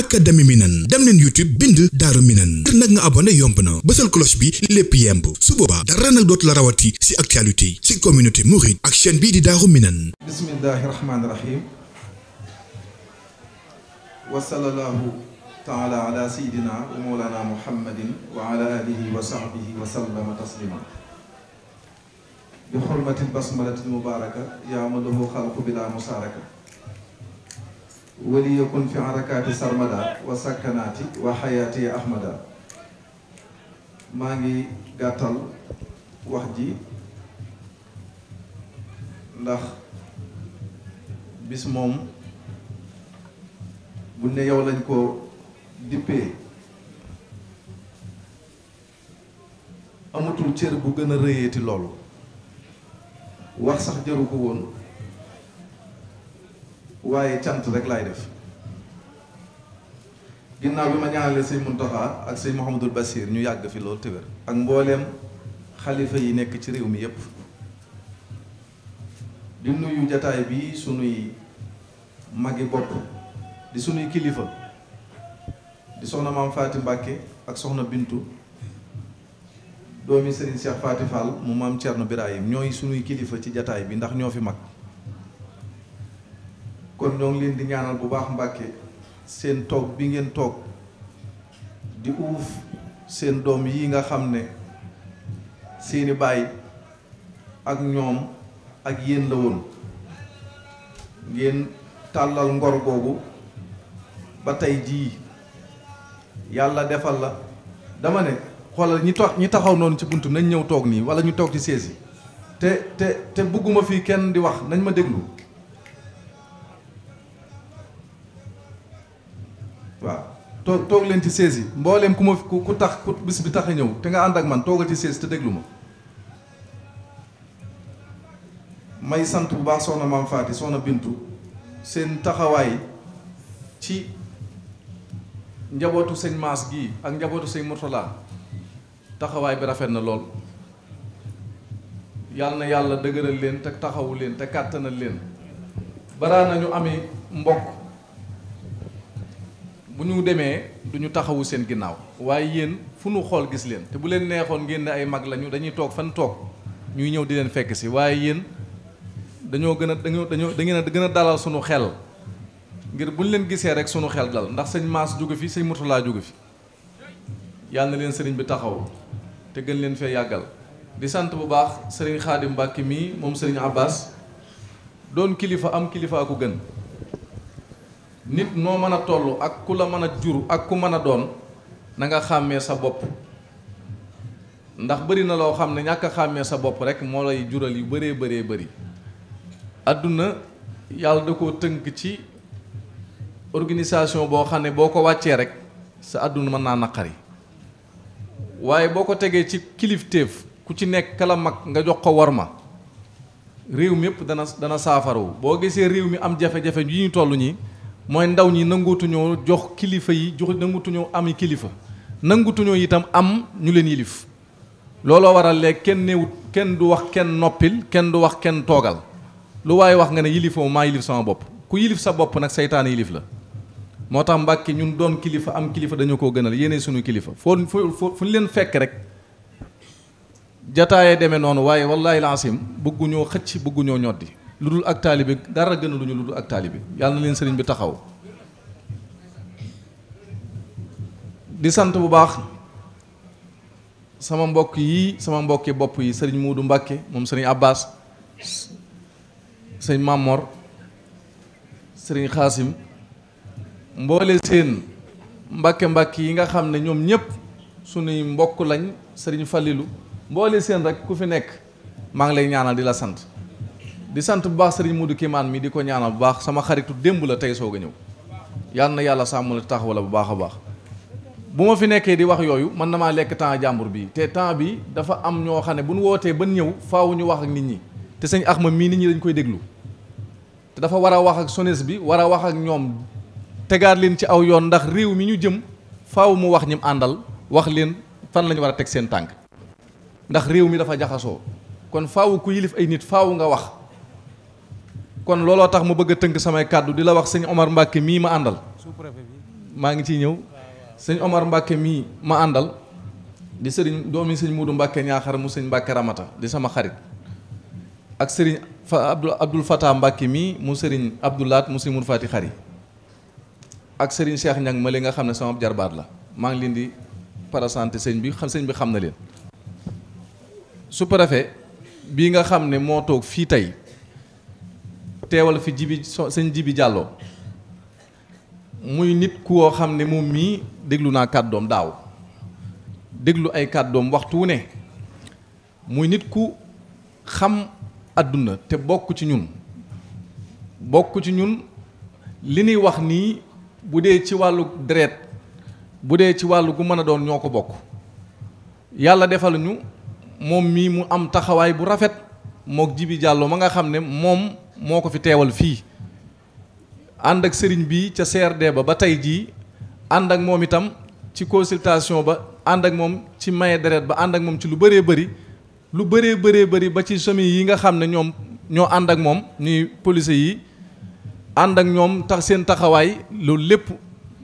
académie Minane dem leen YouTube bind Daaru Minane ngir nag nga abonné yomb na bësal cloche bi lépp yemb su boobaa dara nag dootu la rawati ci actualité ci communauté mouride ak chaîne bii di Daaru Minane bismillahi rahmaani rahim wa sallallahu taala ala sayidina wa mawlana muhammadin wa ala alihi wa sahbihi wa sallama taslima bi xurmatil basmalatil mubaraka yaa ma lahu xalqu bila musaaraka wali yakun fi arakaati sarmada wa sakkanaati wa xayaati ahmada maa ngi gàttal wax ji ndax bis moom bu ne yow lañ ko dippee amatul cër bu gën a rëyeeti loolu wax sax jaru ko woon waaye cant rek laay def ginnaaw bi ma ñaanalee sëñ Muntaxa ak sëñ Mouhamadul Bassir ñu yàgg fi loolu te ak mbooleem xalifa yi nekk ci réew mi yépp di nuyu jataay bi sunuy magi bopp di sunuy kilifa di soxna maam Faati Mbàkke ak soxna Bintu doomi sëriñ Cheikh Faati Fall mu maam Cerno Birahim ñooy sunuy kilifa ci jataay bi ndax ñoo fi mag kon ñoo ngi leen di ñaanal bu baax Mbàkke seen toog bi ngeen toog di uuf seen doom yi nga xam ne seeni baay ak ñoom ak yéen la woon ngeen tàllal ngor googu ba tey jii yàlla defal la dama ne xoolal ñi toog ñi taxaw noonu ci buntu nañ ñëw toog nii wala ñu toog ci sées yi te te te bëgguma fii kenn di wax nañ ma déglu toog toog leen ci sees yi mbooleem ku ma ku tax ku bis bi tax a ñëw te nga ànd ak man toogal ci sees te déglu ma may sant bu baax soxna maam Faati soxna Bintu seen taxawaay ci njabootu sëñ Maas gii ak njabootu sëñ Murtala taxawaay bi rafet na lool yàlla na yàlla dëgëral leen te taxawu leen te kàttanal leen baraa nañu amee mbokk bu ñu demee du ñu taxawu seen ginnaaw waaye yéen fu nu xool gis leen te bu leen neexoon ngeen ne ay mag lañu dañuy toog fan toog ñuy ñëw di leen fekk si waaye yéen dañoo gën a dañoo dañoo da ngeen a gën a dalal sunu xel ngir bu ñu leen gisee rek sunu xel dal ndax sëñ Maas jóge fi sëñ Murtala jóge fi yàlla na leen sëriñ bi taxaw te gën leen fee yàggal. di sant bu baax sëriñ Xaadim Mbàkke mii moom sëriñ Abbas doon kilifa am kilifa ko gën. nit noo mën a toll ak ku la mën a jur ak ku mën a doon na nga xàmmee sa bopp ndax bëri na loo xam ne ñàkk xàmmee sa bopp rek moo lay jural yu bëree bëree bëri àdduna yàlla da ko tënk ci organisation boo xam ne boo ko wàccee rek sa àdduna mën naa naqari waaye boo ko tegee ci kilifteef ku ci nekk kalamag nga jox ko war ma réew mi yëpp dana dana saafaru boo gisee réew mi am jafe-jafe yi ñu toll ñi mooy ndaw ñi nanguutuñoo jox kilifa yi jox nanguutuñoo ami kilifa nanguutuñoo itam am ñu leen yilif looloo waral léegi kenn néewut kenn du wax kenn noppil kenn du wax kenn toogal lu waaye wax nga ne yilifoo maa yilif sama bopp ku yilif sa bopp nag seytaane yilif la moo tax Mbàkke ñun doon kilifa am kilifa dañu koo gënal yeneen suñu kilifa foo foo fu ñu leen fekk rek jataayee demee noonu waaye wallaahi laasim bëgguñoo xëcc bëgguñoo ñoddi lu dul ak taalibe dara gën a lu ñu lu dul ak taalibe yàlla na leen sëriñ bi taxaw di sant bu baax sama mbokk yi sama mbokki bopp yi sëriñ Muudu Mbàkke moom sëriñ Abbas sëriñ Mamor sëriñ Xaasim mboole seen mbàkke mbàkk yi nga xam ne ñoom ñëpp suñuy mbokk lañ sëriñ Falilu mboole seen rek ku fi nekk maa ngi lay ñaanal di la sant di sant bu baax sëriñ Modou Kimane mi di ko ñaanal bu baax sama xaritu démb la tey soog a ñëw yal na yàlla sàmm la taxaw la bu baax a baax bu ma fi nekkee di wax yooyu man damaa lekk temps jàmbur bi te temps bi dafa am ñoo xam ne bu ñu wootee ba ñëw faaw ñu wax ak nit ñi te sëñ Axma mii nit ñi dañ koy déglu te dafa war a wax ak sones bi war a wax ak ñoom tegaat leen ci aw yoon ndax réew mi ñu jëm faaw mu wax ñim àndal wax leen fan lañu war a teg seen tànk ndax réew mi dafa jaxasoo kon faaw ku yilif ay nit faaw nga wax kon looloo tax mu bëgg a tënk samay kàddu di la wax sëñ Omar Mbacke mii ma àndal maa ngi ciy ñëw sëñ Omar Mbacke mii ma àndal di sëriñ doomi sëñ Muudu Mbacke ñaaxar mu sëñ Mbacke Ramata di sama xarit ak sëriñ fa Abdou Abdoul Fatah mii mu sëriñ Abdoulaat mu sëñ Mour Fati Xari ak sëriñ Cheikh ñag ma li nga xam ne sama jarbaat la maa ngi leen di parasanté sëñ bi xam sëñ bi xam na leen. su préfet bii nga xam ne moo toog fii tey teewal fi jibi sëñ jibi jàlloo muy nit ku woo xam ne moom mii déglu naa kàddoom daaw déglu ay kàddoom waxtu wu ne muy nit ku xam àdduna te bokk ci ñun bokk ci ñun li nuy wax nii bu dee ci wàllu deret bu dee ci wàllu gu mën a doon ñoo ko bokk yàlla defal ñu moom mii mu am taxawaay bu rafet mook jibi jàlloo ma nga xam ne moom moo ko fi teewal fii ànd ak sëriñ bi ca CRD ba ba tey jii ànd ak moom itam ci consultation ba ànd ak moom ci maye deret ba ànd ak moom ci lu baree bëri lu bëree bëree bari ba ci chemin yi nga xam ne ñoom ñoo ànd ak moom ñuy polise yi ànd ak ñoom tax seen taxawaay loolu lépp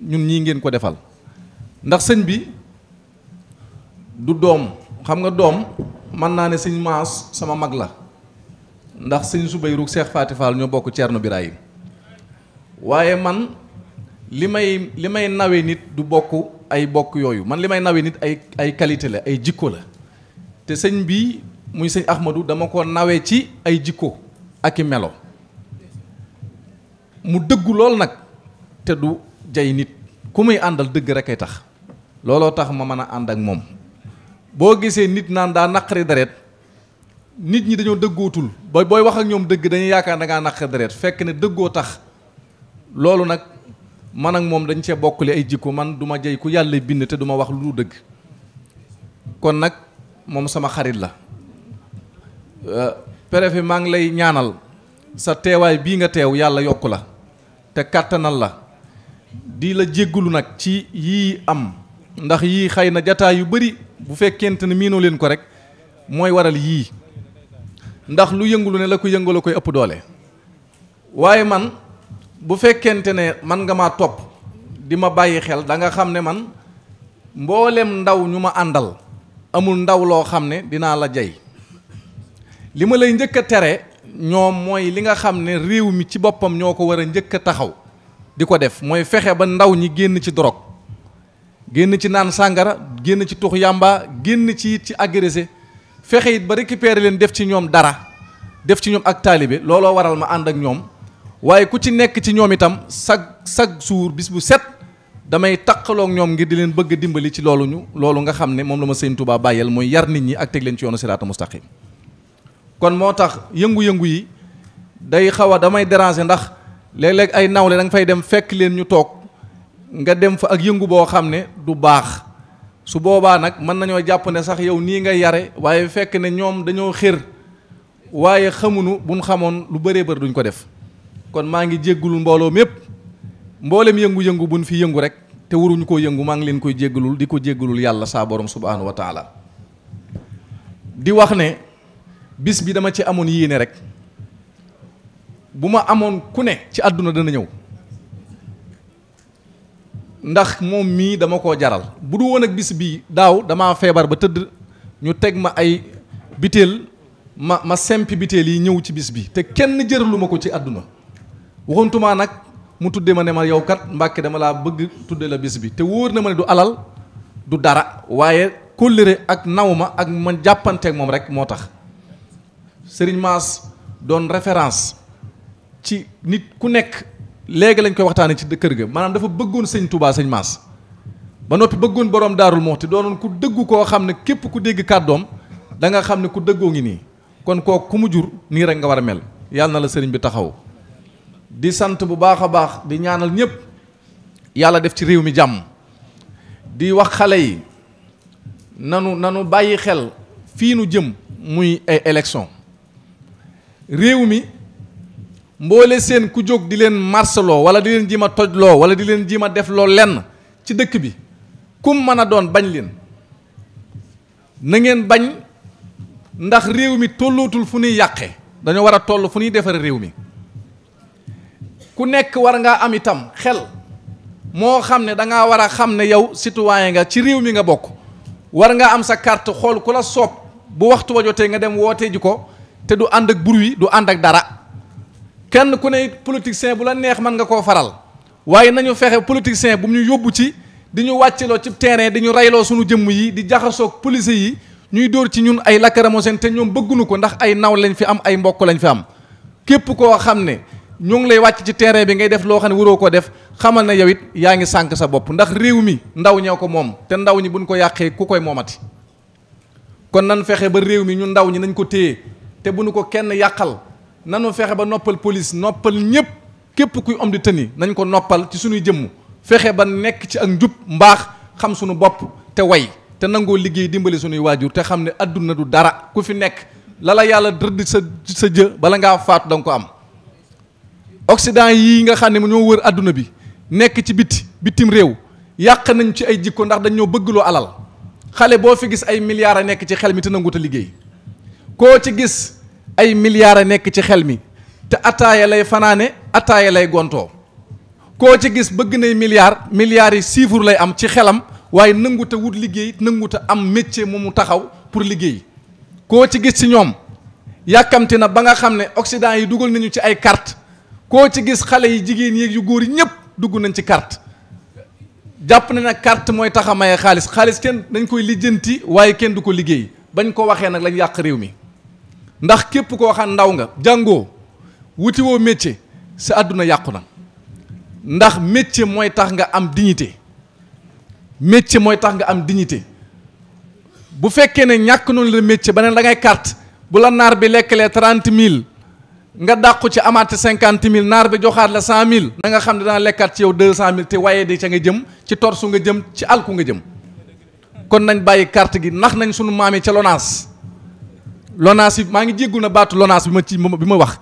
ñun ñii ngeen ko defal ndax sëñ bi du doom xam nga doom mën naa ne sëñ maas sama mag la ndax sëñ Soubayrou Cheikh Faty Fall ñu bokk Thierno Birahim waaye man li may li may nawe nit du bokk ay bokk yooyu man li may nawe nit ay ay qualité la ay jikko la te sëñ bi muy sëñ Ahmadou dama ko nawe ci ay jikko ak i melo mu dëggu lool nag te du jay nit ku muy àndal dëgg rek ay tax looloo tax ma mën a ànd ak moom boo gisee nit naan daa naqari deret nit ñi dañoo dëggootul booy wax ak ñoom dëgg dañuy yaakaar da ngaa naq deret fekk ne dëggoo tax loolu nag man ak moom dañ cee bokkule ay jikko man duma ma ku yàlla bind te duma wax lu dëgg kon nag moom sama xarit la euh, préfet maa ngi lay ñaanal sa teewaay bii nga teew yàlla yokk la te kàttanal la di la jéggulu nag ci yii am ndax yii xëy na jataay yu bari bu fekkente ne miinoo leen ko rek mooy waral yii ndax lu yëngulu ne la ko yëngaloo koy ëpp doole waaye man bu fekkente ne man nga maa topp di ma bàyyi xel danga xam ne man mboolem ndaw ñu ma àndal amul ndaw loo xam ne dinaa la jay li ma lay njëkk a tere ñoom mooy li nga xam ne réew mi ci boppam ñoo ko war a njëkk a taxaw di ko def mooy fexe ba ndaw ñi génn ci dorog génn ci naan sàngara génn ci tux yàmba génn ci it ci agressé fexe it ba récupérer leen def ci ñoom dara def ci ñoom ak taalibe looloo waral ma ànd ak ñoom waaye ku ci nekk ci ñoom itam chaque chaque jour bis bu set damay taqaloog ñoom ngir di leen bëgg dimbali ci loolu ñu loolu nga xam ne moom la ma sëñ Touba bàyyeel mooy yar nit ñi ak teg leen ci yoonu siraata mustaqim kon moo tax yëngu-yëngu yi day xaw a damay déranger ndax léeg-léeg ay nawle da nga fay dem fekk leen ñu toog nga dem fa ak yëngu boo xam ne du baax su boobaa nag mën nañoo jàpp ne sax yow nii nga yare waaye fekk ne ñoom dañoo xër waaye xamunu buñ xamoon lu bëree bëri duñ ko def kon maa ngi jéggulul mbooloo mépp mboolem yëngu-yëngu buñ fi yëngu rek te waruñu koo yëngu maa ngi leen koy jéggulul di ko jéggulul yàlla saa borom subhaanahu wa taala di wax ne bis bi dama ci amoon yéene rek bu ma amoon ku ne ci àdduna dana ñëw ndax moom mii dama ko jaral bu du woon ak bis bii daaw damaa feebar ba tëdd ñu teg ma ay biteel ma ma sempi biteel yi ñëw ci bis bi te kenn jëralu ma ko ci àdduna waxantumaa nag mu tuddee ma ne ma yow kat Mbàkke dama laa bëgg tudde la bis bi te wóor na ma ne du alal du dara waaye kóllëre ak naw ma ak ma jàppanteeg moom rek moo tax Sëriñ Maas doon référence ci nit ku nekk léegi lañ koy waxtaanee ci kër gi maanaam dafa bëggoon sëñ Touba sëñ Maas ba noppi bëggoon boroom daarul moxti doonoon ku dëggu koo xam ne képp ku dégg kàddoom da nga xam ne ku dëggoo ngi nii kon kooku ku mu jur nii rek nga war a mel yàlla na la sëriñ bi taxaw di sant bu baax a baax di ñaanal ñëpp yàlla def ci réew mi jàmm di wax xale yi nanu nanu bàyyi xel fii nu jëm muy ay élection réew mi mboole seen ku jóg di leen marseloo wala di leen ji ma tojloo wala di leen ji ma def loo lenn ci dëkk bi kum mën a doon bañ leen na ngeen bañ ndax réew mi tollootul fu nuy yàqe dañoo war a toll fu nuy defaree réew mi ku nekk war ngaa am itam xel moo xam ne dangaa war a xam ne yow citoyen nga ci réew mi nga bokk war nga am sa carte xool ku la soob bu waxtu wa jotee nga dem wootee ji ko te du ànd ak bruit du ànd ak dara kenn ku ne politicien bu la neex mën nga koo faral waaye nañu fexe politicien bu ñu yóbbu ci di ñu wàcciloo ci terrain di ñu rayloo suñu jëmm yi di jaxasoog police yi ñuy dóor ci ñun ay lacrymogène te ñoom bëgguñu ko ndax ay naw lañ fi am ay mbokk lañu fi am képp koo xam ne ñoo ngi lay wàcc ci terrain bi ngay def loo xam ne waroo ko def xamal na yow it yaa ngi sànq sa bopp ndax réew mi ndaw ñoo ko moom te ndaw ñi buñ ko yàqee ku koy moomati kon nan fexe ba réew mi ñu ndaw ñi nañ ko téye te bu ko kenn yàqal nanu fexe ba noppal police noppal ñëpp képp kuy homme de tenue nañ ko noppal ci suñuy jëmm fexe ba nekk ci ak njub mbaax xam suñu bopp te way te nangoo liggéey dimbali suñuy waajur te xam ne adduna du dara ku fi nekk lala yàlla rëdd sa sa jë bala ngaa faatu da nga ko am Occident yi nga xam ne mu ñoo wër àdduna bi nekk ci biti bitim réew yàq nañ ci ay jikko ndax dañ ñoo bëggloo alal xale boo fi gis ay milliards a nekk ci xel mi te nanguta liggéey koo ci ay milliards a nekk ci xel mi te attaaya lay fanaane attaaya lay gontoo koo ci gis bëgg nay milliards milliards yi chiffre lay am ci xelam waaye nangu te wut liggéey nangu am métier mu mu taxaw pour liggéey koo ci gis ci ñoom yàkkamti na ba nga xam ne Occident yi dugal nañu ci ay carte koo ci gis xale yi jigéen yeeg yu góor yi ñëpp dugg nañ ci carte jàpp na nag mooy tax a xaalis xaalis kenn dañ koy lijjanti waaye kenn du ko liggéey bañ ko waxee nag lañ yàq réew mi. ndax képp koo xam ndaw nga jàngoo wuti woo métier si àdduna yàqu na ndax métier mooy tax nga am dignité métier mooy tax nga am dignité bu fekkee ne ñàkk noonu la métier ba ne da ngay carte bu la naar bi lekkalee trente mille nga dàqu ci amaate cinquante mille naar bi joxaat la cent mille na nga xam ne dana lekkaat ci yow deux cent mille te waaye di ca nga jëm ci su nga jëm ci alku nga jëm kon nañ bàyyi carte gi ndax nañ sunu maamee ca lonaas lonaas yi maa ngi jéggul na baatu lonaas bi ma ci bi ma wax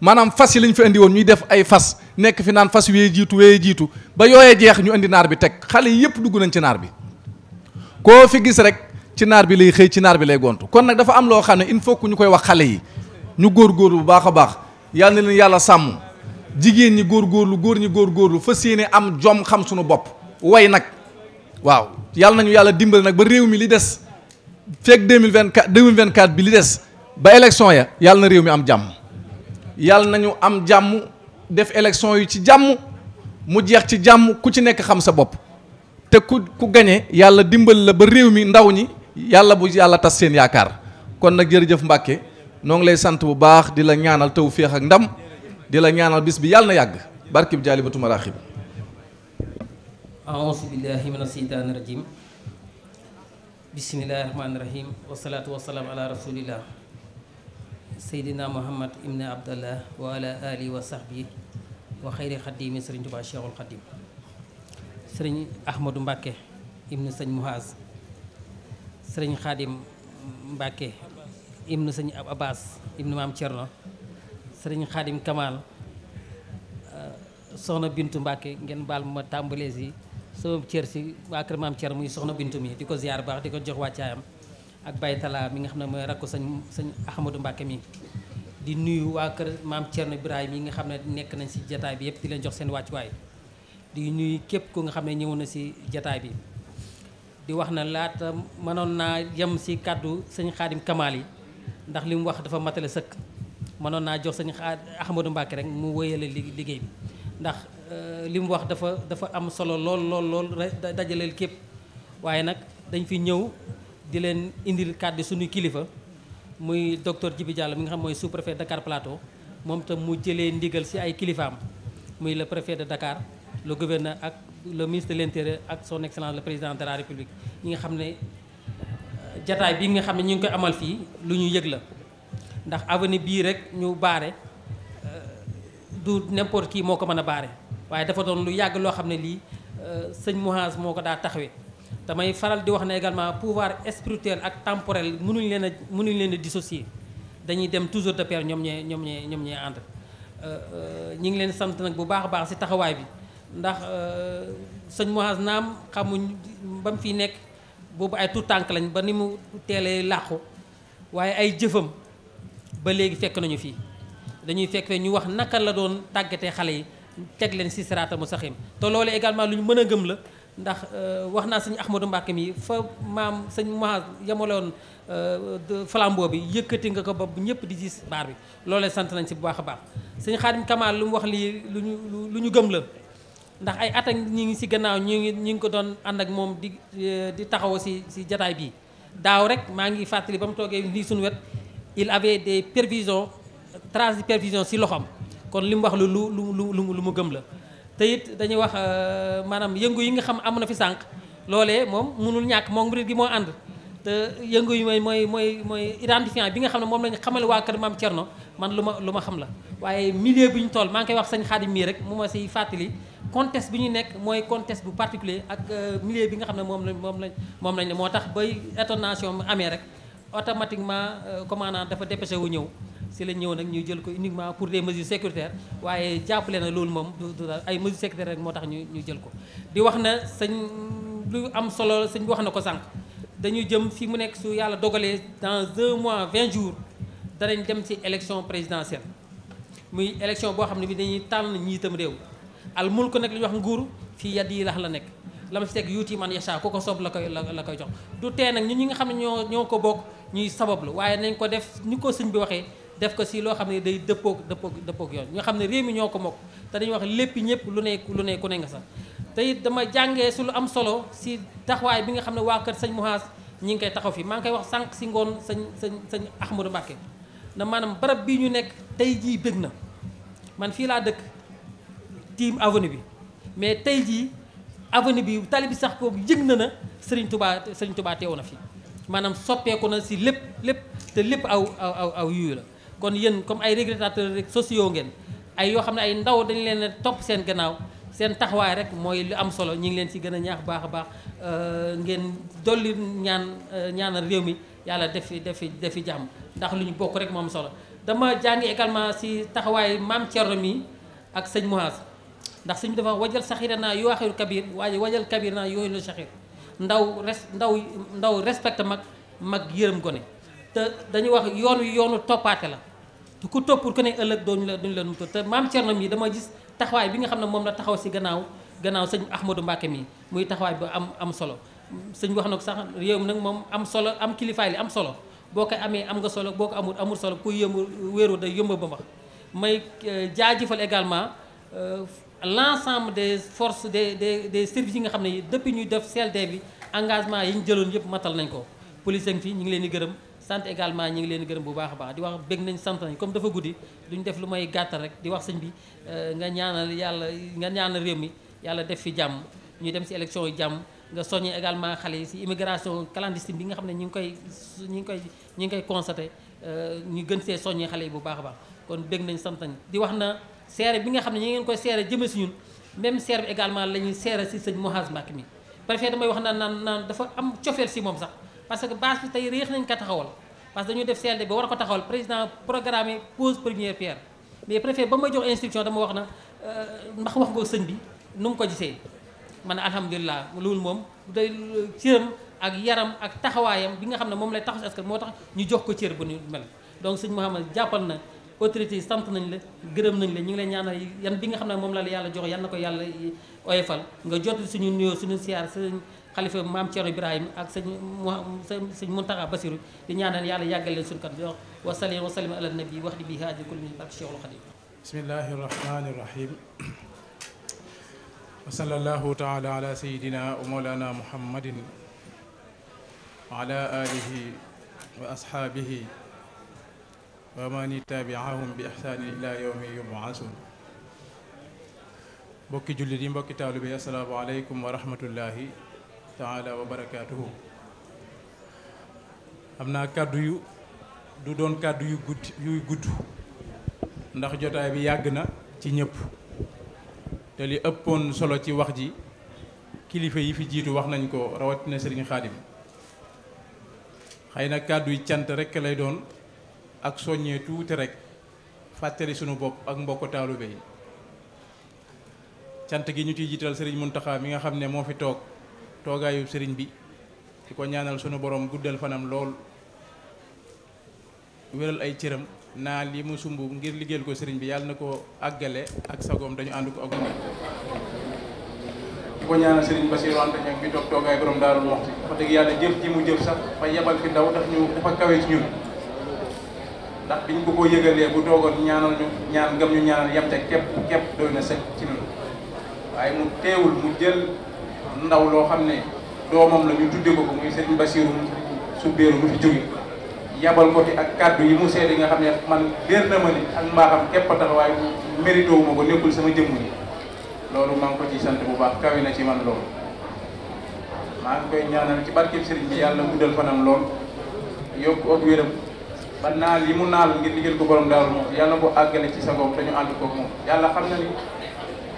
maanaam fas yi lañ fi indi woon ñuy def ay fas nekk fi naan fas wee jiitu wee jiitu ba yooyee jeex ñu indi naar bi teg xale yi yëpp dugg nañ ci naar bi koo fi gis rek ci naar bi lay xëy ci naar bi lay gont kon nag dafa am loo xam ne il faut que ñu koy wax xale yi ñu góor góor bu baax a baax yàlla na leen yàlla sàmm jigéen ñi góor góor lu góor ñi góor góor lu fas yéene am jom xam suñu bopp way nag waaw yàlla nañu yàlla dimbali nag ba réew mi li des fekk deux mille vingt quatre deux mille vingt quatre bi li des ba élection ya yàlla na réew mi am jàmm yàlla nañu am jàmm def élection yu ci jàmm mu jeex ci jàmm ku ci nekk xam sa bopp te ku ku gañe yàlla dimbal la ba réew mi ndaw ñi yàlla bu yàlla tas seen yaakaar kon nag jërëjëf Mbàkke noo ngi lay sant bu baax di la ñaanal tawféex ak ndam di la ñaanal bis bi yàlla na yàgg barkib jaalibatu maraaxib. aouzu billaahi bisimillahi rahmaani rahim wasalaatu wasalaam ala rasulillah seydina muhammad ibni abdallah wa ala alihi wa sahbi wa xayri xadimi sëriñ Tuubaa cheikhul xadim sëriñ ahmadou mbàkke ibnu sëñ muhaas sëriñ xaadim mbàkke ibnu sëñ abbas ibnu maam cerno sëriñ xaadim kamal euh, soxna bintu mbàkke ngeen baal ma tàmbalee si sama cër si waa kër maam cër muy soxna bintu mi di ko ziar baax di ko jox wàccaayam ak baytala mi nga xam ne mooy rakku sañ sañ Ahmadou Mbacke mi di nuyu waa kër maam Thierno Ibrahima yi nga xam ne nekk nañ si jataay bi yëpp di leen jox seen wàccuwaay di nuyu képp ku nga xam ne ñëw na si jataay bi di wax na laata mënoon naa yem si kàddu sëñ xaadim kamaal yi ndax li mu wax dafa matale sëkk mënoon naa jox sëñ xaa Ahmadou Mbacke rek mu wéyale liggéey bi Euh, li mu wax dafa dafa am solo lool lool lool dajaleel képp waaye nag dañ fi ñëw di leen indil kàddu suñu kilifa muy docteur Djibi Diallo mi nga xam mooy sous de Dakar Plateau moom tam mu jëlee ndigal ci ay kilifaam muy le préfet de Dakar le gouverneur ak le ministre de l'intérieur ak son excellence le président de la république ñi nga xam ne euh, jataay bi nga xam ne ñu ngi koy amal fii lu ñu yëg la ndax avenue bii rek ñu baare euh, du n'importe kii moo ko mën a baare waaye dafa doon lu yàgg loo xam ne lii euh, sëñ Mouhass moo ko daa taxawee damay faral di wax ne également pouvoir spirituel ak temporel mënuñ leen a mënuñ leen a dañuy dem toujours de pair ñoom ñee ñoom ñee ñoom ñee ànd euh, euh, ñi ngi leen sant nag bu baax baax si taxawaay bi ndax sëñ Mouhass naam xamuñ ba mu fiy nekk boobu ay tout tànk lañ ba ni mu teelee làqu waaye ay jëfam ba léegi fekk nañu fii dañuy fekk ñu wax naka la doon tàggatee xale yi teg leen si siraatal mustaqiim te loole également lu ñu mën a gëm la ndax euh, wax naa sëñ Ahmadou Mbacke mi fa maam sëñ Maas yamaloon euh, flambeau bi yëkkati nga ko ba ñëpp di gis baar bi loole sant nañ si bu baax a baax sëñ Xaadim Kamaal lu mu wax lii lu ñu lu ñu gëm la ndax ay at ak ngi si gannaaw ñu ngi ñu ngi ko doon ànd ak moom di di taxaw si si jataay bii daaw rek maa ngi fàttali ba mu toogee nii suñu wet il avait des perfusions traces de perfusions si loxoom kon li mu wax lu lu lu lu lu mu gëm la te it dañuy wax euh, maanaam yëngu yi nga xam am na fi sànq loolee moom mënul ñàkk moom murit gi moo ànd te yëngu yu mooy mooy mooy mooy identifiant bi nga xam ne moom lañ xamal waa kër maam Thierno man lu ma lu ma xam la waaye milieu bi ñu toll maa ngi koy wax sañ xaadim mii rek mu siy fàttali contexte bi ñu nekk mooy contexte bu particulier ak euh, milieu bi nga xam ne moom lañ moom lañ moom lañ ne moo tax bay étonnation amee rek automatiquement euh, commandant dafa dépêché wu ñëw ci la ñëw nag ñu jël ko uniquement pour des mesures sécuritaires waaye jàppale na loolu moom du ay mesures sécuritaires rek moo tax ñu ñu jël ko di wax na sañ lu am solo sëñ bi wax na ko sànq dañu jëm fi mu nekk su yàlla dogalee dans deux mois vingt jours danañ dem ci élection présidentielle muy élection boo xam ne bi dañuy tànn njiitam réew al mul ko nag li wax nguur fii yad yi lax la nekk la ma fi teg yuuti man yasha ku ko soob la koy la koy jox du tee nag ñun ñi nga xam ne ñoo ñoo ko bokk ñuy sabablu waaye nañ ko def ñu ko sëñ bi waxee def ko si loo xam ne day dëppook dëppoog dëppoog yoon ñoo xam ne réew mi ñoo ko mokk te dañuy wax lépp ñëpp lu ne lu ne ku ne nga sax te dama jàngee si lu am solo si taxawaay bi nga xam ne waa kër sëñ Muhaas ñi ngi koy taxaw fii maa ngi koy wax sànq si ngoon sañ sañ sëñ Ahmadou Mbacke na maanaam barab bii ñu nekk tey jii bëgg na man fii laa dëkk tiim avenue bi mais tey jii avenue bi tali bi sax boobu yëg na na Serigne tubaa Serigne Touba teew na fi maanaam soppeeku na si lépp lépp te lépp aw la kon yéen comme ay regrettateurs rek sociaux ngeen ay yoo xam ne ay ndaw dañ leen topp seen gannaaw seen taxawaay rek mooy lu am solo ñu ngi leen ci gën a ñaax baax a baax euh, ngeen dolli ñaan euh, ñaanal réew mi yàlla def fi def fi def jàmm ndax lu ñu bokk rek moom solo dama jàngi également ci taxawaay maam Thierno mi ak sëñ Mouhass ndax sëñ bi dafa wajal saxira naa yoo axirul kabir waaye wajal kabir naa yooyu la saxir ndaw res ndaw ndaw respecte mag mag yërëm gone te dañuy wax yoon yoonu toppaate la du ku toog pour que ne ëllëg dooñu la duñu la numu te maam Thierno mi dama gis taxawaay bi nga xam ne moom la taxaw si gannaaw gannaaw sëñ Ahmadou Mbacke mi muy taxawaay bu am am solo sëñ wax na ko sax réew mi nag moom am solo am kilifaay li am solo boo ko amee am nga solo boo ko amul amul solo kuy yëmb wéeru day yëmba ba ma may euh, jaajëfal également euh, l' ensemble des forces de des des services yi nga xam ne depuis ñuy def CLD bi engagement yi ñu jëloon yëpp matal nañ ko police ngi ñu ngi leen di gërëm sant également ñi ngi leen gërëm bu baax a baax di wax bëgg nañ sant nañ comme dafa guddi duñ def lu may gàttal rek di wax sëñ bi euh, nga fi jàmm ñu dem si élection yi jàmm nga soññee également xale yi si immigration clandestine bi nga xam ne ñu ngi koy ñu ngi koy ñu ngi koy constaté euh, ñu gën see soññee xale bu baax a baax kon bëgg nañ sant di wax na seere bi nga xam ne ñi ngeen koy seere jëme si ñun même seere bi également la ñuy seere si sëñ Mouhass Mbacké mi préfet damay wax naan naan dafa am cofeel si moom sax parce que bâche bi tey réex nañ ko taxawal parce que dañu def CLD ba war ko taxawal président programme pose première pierre mais préfet ba ma jox instruction dama wax na euh, ndax wax nga sëñ bi nu mu ko gisee man alhamdulilah loolu moom day cëram ak yaram ak taxawaayam bi nga xam ne moom lay taxaw askan moo tax ñu jox ko cër bu ñu mel donc sëñ Mouhamed jàppal na autorités sant nañ la gërëm nañ la ñu ngi lay ñaanal yan bi nga xam ne moom la la yàlla jox yan na ko yàlla oyofal nga jot suñu nuyoo suñu siyaar suñu xalifa maam Thierno Ibrahima ak sëñ sëñ Muntaxa Basiru di ñaanal yàlla yàggal leen suñu kat yox wa salim wa salim ala nabi wax di bi haadi kulli min barke Cheikhul Xadim bismillahi rahmani rahim wa sallallahu taala ala sayidina wa mawlana muhammadin wa ala alihi wa ashaabihi wa man tabiahum bi ihsaanin ila yawmi yubaasun mbokki jullit yi mbokki taalibe yi asalaamaaleykum wa rahmatullahi taala wa barakaatuhu xam naa kàddu yu du doon kàddu yu gudd yuy gudd ndax jotaay bi yàgg na ci ñépp te li ëppoon solo ci wax ji kilifa yi fi jiitu wax nañ ko rawatina Serigne Khadim xëy na kàddu yi cant rek lay doon ak soññee tuuti rekk fàttali sunu bopp ak mbokk taalube yi cant gi ñu ciy jiital sëriñ Mountakha mi nga xam ne moo fi toog. toogaayu sëriñ bi di ko ñaanal sunu boroom guddal fanam lool wéral ay cëram naa li mu sumb ngir liggéeyal ko sëriñ bi yàlla na ko àggale ak sagoom dañu ànd ko ak di ko ñaanal sëriñ Bassirou Anta Niang bi toog toogaay borom Daaru Muxti wax dëgg yàlla jël ji mu jëf sax fa yebal fi ndaw daf ñu dafa kawe ci ñun ndax biñ ko ko yëgalee bu toogoon ñaanal ñu ñaan ngam ñu ñaanal yam ca képp képp doy na set ci ñun waaye mu teewul mu jël ndaw loo xam ne doomam la ñu tudde ko ko muy Serigne Bassirou Soumbédioune mu fi jóge yabal ko fi ak kàddu yi mu seede nga xam ne man leer na ma ne ak mbaaxam képp a tax waaye mérité wu ma ko nekkul sama jëmm yi loolu maa ngi ko ci sant bu baax kawe na ci man loolu maa ngi koy ñaanal ci barkeb Serigne bi yàlla guddal fanam lool yokku ak wéram ba naal yi mu naal ngir liggéeyal ko borom daaru moom yàlla ko na ci sagoom te ñu ànd koog moom yàlla xam na ni.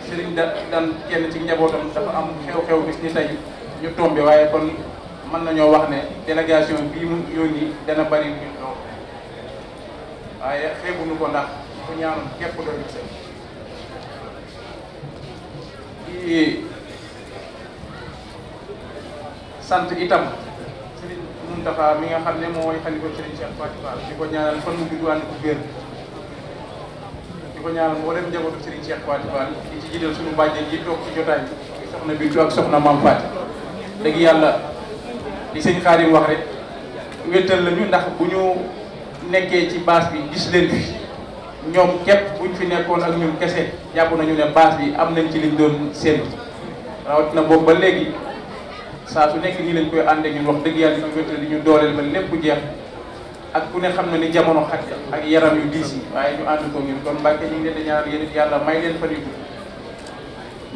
sëriñ da daan kenn ci njabootam dafa am xew-xew bis ni tey ñu tombé waaye kon mën nañoo wax ne délégation bii mu yónni dana bari ñu lool waaye xeebuñu ko ndax ku ñaanoon képp doon ñu sëñ di sant itam sëriñ mi nga xam ne moo way xalifa sëriñ Cheikh Fatou Fall di ko ñaanal fan mu gudd ànd ko ñaanal mboolem njabootu Serigne Cheikh Faty Fall di ci jiital suñu bàjjen yi toog ci jotaay bi soxna Bintu ak soxna Mame Faty dëgg yàlla li sëñ Xaadim wax rek wéttal la ñu ndax bu ñu nekkee ci base bi gis leen fi ñoom képp buñ fi nekkoon ak ñun kese jàpp nañu ne base bi am nañ ci liñ doon séntu na boobu ba léegi saa su nekk nii lañ koy ànd ak ñun wax dëgg yàlla di ñu wéttal ñu dooleel ba lépp jeex ak ku ne xam na ni jamono xat ak yaram yu diis yi waaye ñu ànd ko ñun kon Mbàkke ñu ngi leen di ñaan yéen yàlla may leen fan yu gudd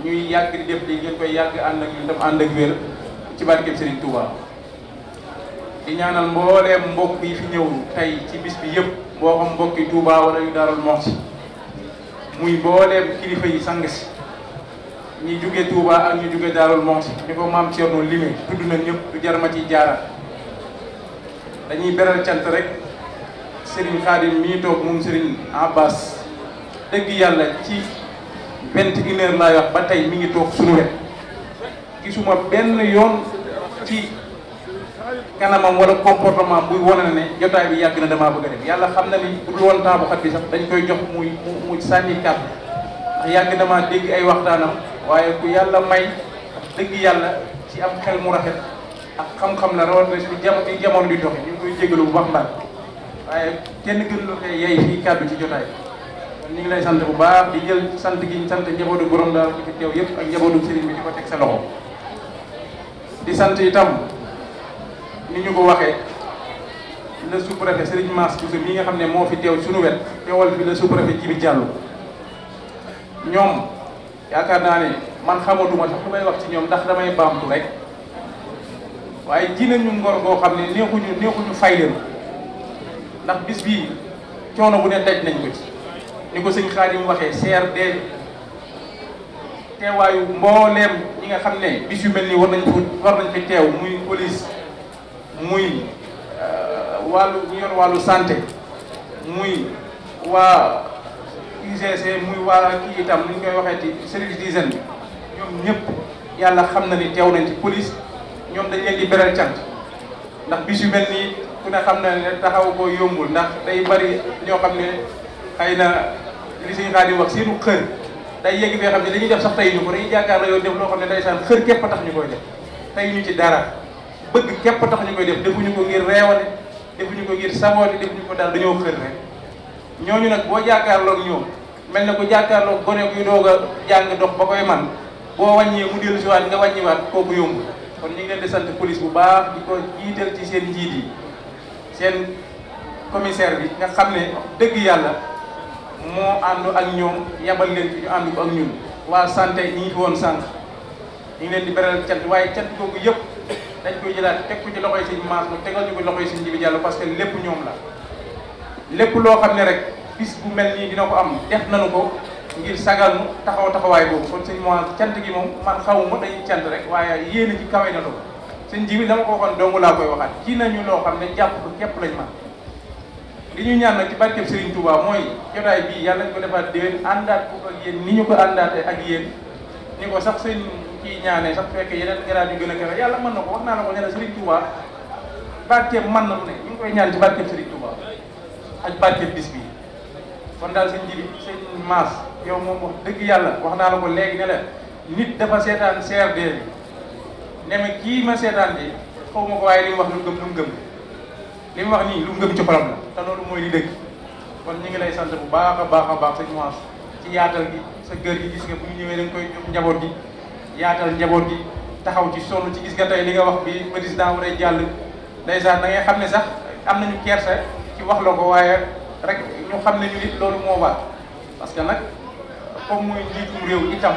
ñuy yàgg di def li ngeen koy yàgg ànd ak ñun tam ànd ak wér ci barkeb Serigne Touba. di ñaanal mbooleem mbokk yi fi ñëw tey ci bis bi yëpp boo xam mbokki Touba wala yu Daarul Muxti muy mbooleem kilifa yi sang si ñi jóge Touba ak ñu jóge Daarul Muxti ni ko maam Thierno limee tudd na ñëpp du jar ma ciy jaara dañuy beral cant rek Serigne Khadim mii toog moom Serigne Abbas dëgg yàlla ci vingt et une laay wax ba tey mi ngi toog suñu wet gisuma benn yoon ci kanamam wala comportement buy wane ne jotaay bi yàgg na damaa bëgg a dem yàlla xam na ni bu dul woon temps xat bi sax dañ koy jox mu muy sànni kàddu ndax yàgg damaa dégg ay waxtaanam waaye ku yàlla may dëgg yàlla ci am xel mu rafet ak xam-xam la rawatina ci jamono di doxe jégalu bu baax mbaal waaye kenn gën lu koy yey fii kàddu ci jotaay ñu ngi lay sant bu baax bi jël sant gi sant njabootu borom daal di ko teew yépp ak njabootu sëriñ bi di sant itam ñu ko waxee le sous-préfet Serigne Mass nga xam ne moo fi teew suñu wet teewal fi le sous-préfet Djibi Diallo ñoom yaakaar naa ne man xamatuma sax lu may wax ci ñoom ndax damay baamtu rek waaye ji nañu ngor boo xam ne neexuñu neexuñu fay leen ndax bis bi coono bu ne daj nañ ko ci ni ko sëñ Xaadim waxee CRD teewaayu mbooleem ñi nga xam ne bis yu mel nii war nañ ko war nañ fi teew muy police muy euh, wàllu ñu yor wàllu santé muy waa muy waa kii itam lu ñu koy waxee ci service d'hygiène bi ñoom ñëpp yàlla xam na ni teew nañ ci police ñoom dañ leen di beral cant ndax bis yu mel nii ku ne xam na ne taxaw ko yombul ndax day bari ñoo xam ne xëy na li suñu yi wax seenu xër day yegg fee xam ne li def sax tey ñu ko dañuy jàkkaar la yoon def loo ne ndeysaan xër képp a tax ñu koy def tey ñu ci dara bëgg képp a ñu koy def defuñu ko ngir reewale defuñu ko ngir sabooti defuñu ko daal dañoo xër rek ñooñu nag boo jàkkaarloog ñoom mel na ko jàkkaarloog gone guy doog a jàng dox ba koy man boo waññee mu dellu si waat nga wàññiwaat kooku yombul kon ñu ngi leen di sant police bu baax di ko jiital ci seen njiit yi seen commissaire bi nga xam ne dëgg yàlla moo ànd ak ñoom yabal leen fi ñu ànd ko ak ñun waa santé ñi ngi fi woon sànq ñu ngi leen di beral cat waaye cat googu yëpp dañ koy jëlaat teg ko ci loxoy sëñ Maas mu tegal ñu ko loxoy sëñ Jibi Jàll parce que lépp ñoom la lépp loo xam ne rek bis bu mel nii dina ko am def nañu ko ngir sagal mu taxaw taxawaay boobu kon sëñ mo cant gi moom man xawuma dañuy cant rek waaye yéene ci kawe na loolu sëñ ji bi dama ko waxoon dong laa koy waxaat ci nañu loo xam ne jàpp ko képp lañ man li ñu ñaan nag ci barkeb Serigne Touba mooy jotaay bi yàlla ñu ko defaat déwén àndaat ko ak yéen ni ñu ko àndaatee ak yéen ni ko sax sëñ ciy ñaanee sax fekkee yeneen garaat yu gën a kawe yàlla mën na ko wax naa na ko ne la Serigne Touba barkeb man na ne ñu ngi ñaan ci barkeb Serigne Touba ak barkeb bis bi kon daal sëñ Jibi sëñ Maas yow moom wax dëgg yàlla wax naa la ko léegi ne la nit dafa seetaan CRD bi ne ma kii ma seetaan bi xaw ko waaye li wax lu mu gëm lu gëm li mu wax nii lu mu gëm ci xolam la te loolu mooy li dëgg kon ñu ngi lay sant bu baax a baax a baax sëñ Maas ci yaatal gi sa kër gi gis nga bu ñu ñëwee da nga koy jox njaboot gi yaatal njaboot gi taxaw ci sonn ci gis nga tey li nga wax bi président wu day jàll ndeysaan da ngay ne sax am nañu kersa wax la ko waaye ñoo xam ne ñu nit loolu moo war parce que nag comme muy njiitum réew itam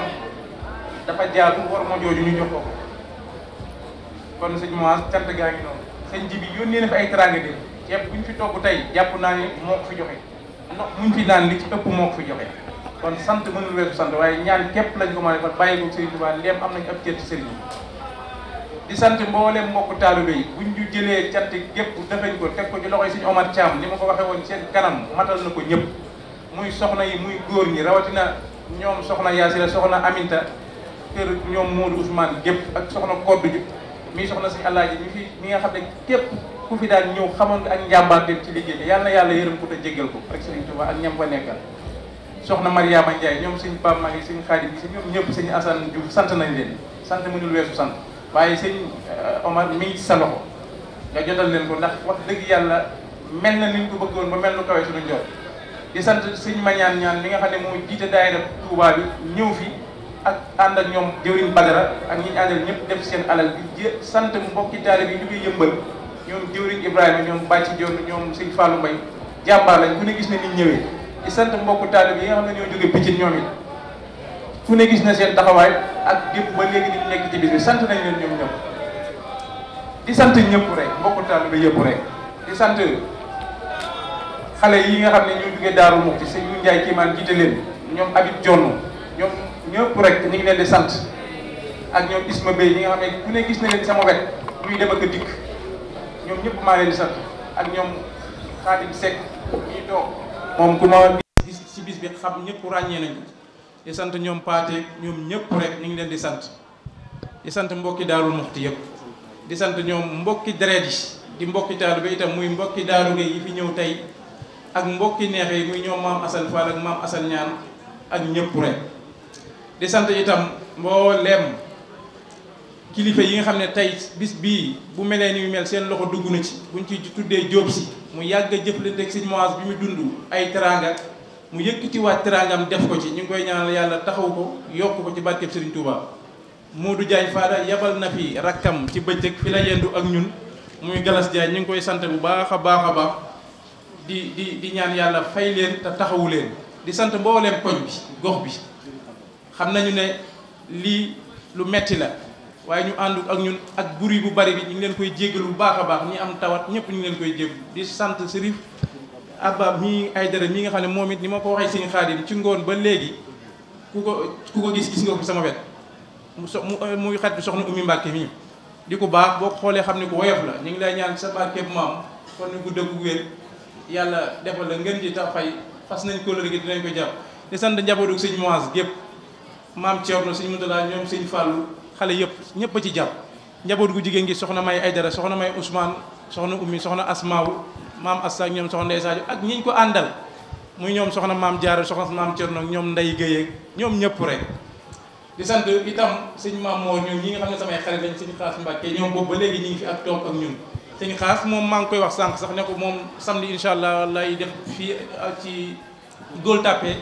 dafa jaadu war ma jooju ñu jox ko kon sëñ Maas cant gaa ngi noonu sëñ ji bi yónnee na fi ay teraanga de ceeb bu ñu fi togg tey jàpp naa ni moo ko fi joxe ndox mu ñu fi naan li ci ëpp moo ko fi joxe kon sant mënul weesu sant waaye ñaan képp lañ ko mën a defal bàyyi ko Serigne Touba lépp am nañ ab cër ci Serigne di sant mboolem mbokk taalibe bu buñ ñu jëlee cant gépp defeñ ko teg ko ci loxoy suñu Omar Thiam ni ma ko waxee seen kanam matal na ko ñëpp muy soxna yi muy góor ñi rawatina ñoom soxna Yaasira soxna Aminta kër ñoom Modou Ousmane gépp ak soxna Koddu ji mii soxna suñu Alaaji mi fi mi nga xam ne képp ku fi daan ñëw xamoon nga ak njàmbaarteem ci liggéey bi yàlla na yàlla yërëm ko te jéggal ko ak Sëriñ Tuubaa ak ñam fa nekkal soxna Mariama Ndiaye ñoom suñ Bamba yi suñ Xaadim yi ñoom ñëpp suñu Assane Diouf sant nañ leen sant mënul weesu sant waaye sëñ eh, Omar mi ngi sa loxo nga jotal leen ko ndax wax dëgg yàlla mel na niñ ko bëggoon ba mel nu kawe suñu njort di sant sëñ Mañaan ñaan mi nga xam ne moo jiite daayira Touba bi ñëw fi ak ànd ak ñoom jëwriñ Badara ak ñu àndal ñëpp def seen alal bi sant mbokki taalibe yi ñu koy yëmbal ñoom jëwriñ Ibrahima ñoom Bàcci Dior ñoom sëñ Fallou Mbaye jàmbaar lañ ku ne gis ne ni ñëwee di sant mbokku taalibe yi nga xam ne ñoo jógee Pikine ñoom it fu ne gis na seen taxawaay ak gépp ba léegi ñu nekk ci bis bi sant nañ leen ñoom ñëpp di sant ñëpp rek mbokk taalibe yëpp rek di sant xale yi nga xam ne ñoo jógee Daaru Muxti sëñ Yu Njaay Kiimaan jiite leen ñoom Habib Jonn ñoom ñëpp rek ñu ngi leen di sant ak ñoom Isma Bey yi nga xam ne ku ne gis na leen sama wet ñuy dem ak a dikk ñoom ñëpp maa leen di sant ak ñoom Xaadim Seck ñuy toog moom ku ma gis bis bi xam ñëpp ràññee nañu di sant ñoom paate ñoom ñëpp rek ñu ngi leen di sant di sant mbokki daarul muxti yëpp di sant ñoom mbokki deret yi di mbokki bi itam muy mbokki daaru yi fi ñëw tey ak mbokki neexe yi muy ñoom maam Assane Fall ak maam Assane ñaan ak ñëpp rek di sant itam mbooleem kilifa yi nga xam ne tey bis bii bu melee ni mel seen loxo dugg na ci buñ ci tuddee jóob si mu yàgg a jëflanteeg sëñ Maas bi mu dund ay teraanga mu yëkkatiwaat teraangam def ko ci ñu ngi koy ñaan yàlla taxaw ko yokk ko ci barkeb Serigne moo du jaañ Fada yabal na fi rakkam ci bëccëg fi la yendu ak ñun muy Galas Diagne ñu ngi koy sant bu baax a baax a baax di di di ñaan yàlla fay leen te taxawu leen di sant mbooleem poñ bi gox bi xam nañu ne lii lu metti la. waaye ñu ànd ak ñun ak buri bu bari bi ñu ngi leen koy jéggal bu baax a baax ñi am tawat ñëpp ñu ngi leen koy jégg di sant Serif abba mii ay dara mii nga xam ne moom it ni ma ko waxee sëñ Xaadim ci ngoon ba léegi ku ko ku ko gis gis nga ko sama wet mu so mu muy xat bi soxna Oumy Mbacke mii ko baax boo xoolee xam ne ko woyof la ñu ngi lay ñaan sa barkeb maam yàlla defal la ngeen ji tax fay fas nañ kóolóor ko jàpp di sant njabootu sëñ Moise gépp maam Thierno sëñ Moutala ñoom sëñ Fallou xale yëpp ñëpp ci jàpp njaboot gu jigéen gi soxna may Aydara soxna may Ousmane soxna Oumy soxna Asmaaw maam Assa ak ñoom soxna Ndeye Sadio ak ñi ñu ko àndal muy ñoom soxna maam jaar soxna maam Thierno ak ñoom Ndeye Guèye ñoom ñëpp rek. di sant itam sëñ maam moo ñun ñi nga xam ne samay xarit lañ sëñ Xaas Mbàkke ñoom boobu ba léegi ñu ngi fi ak toog ak ñun. sëñ Xaas moom maa ngi koy wax sànq sax ne ko moom samedi incha allah lay dem fii ah, ci Gueule Tapée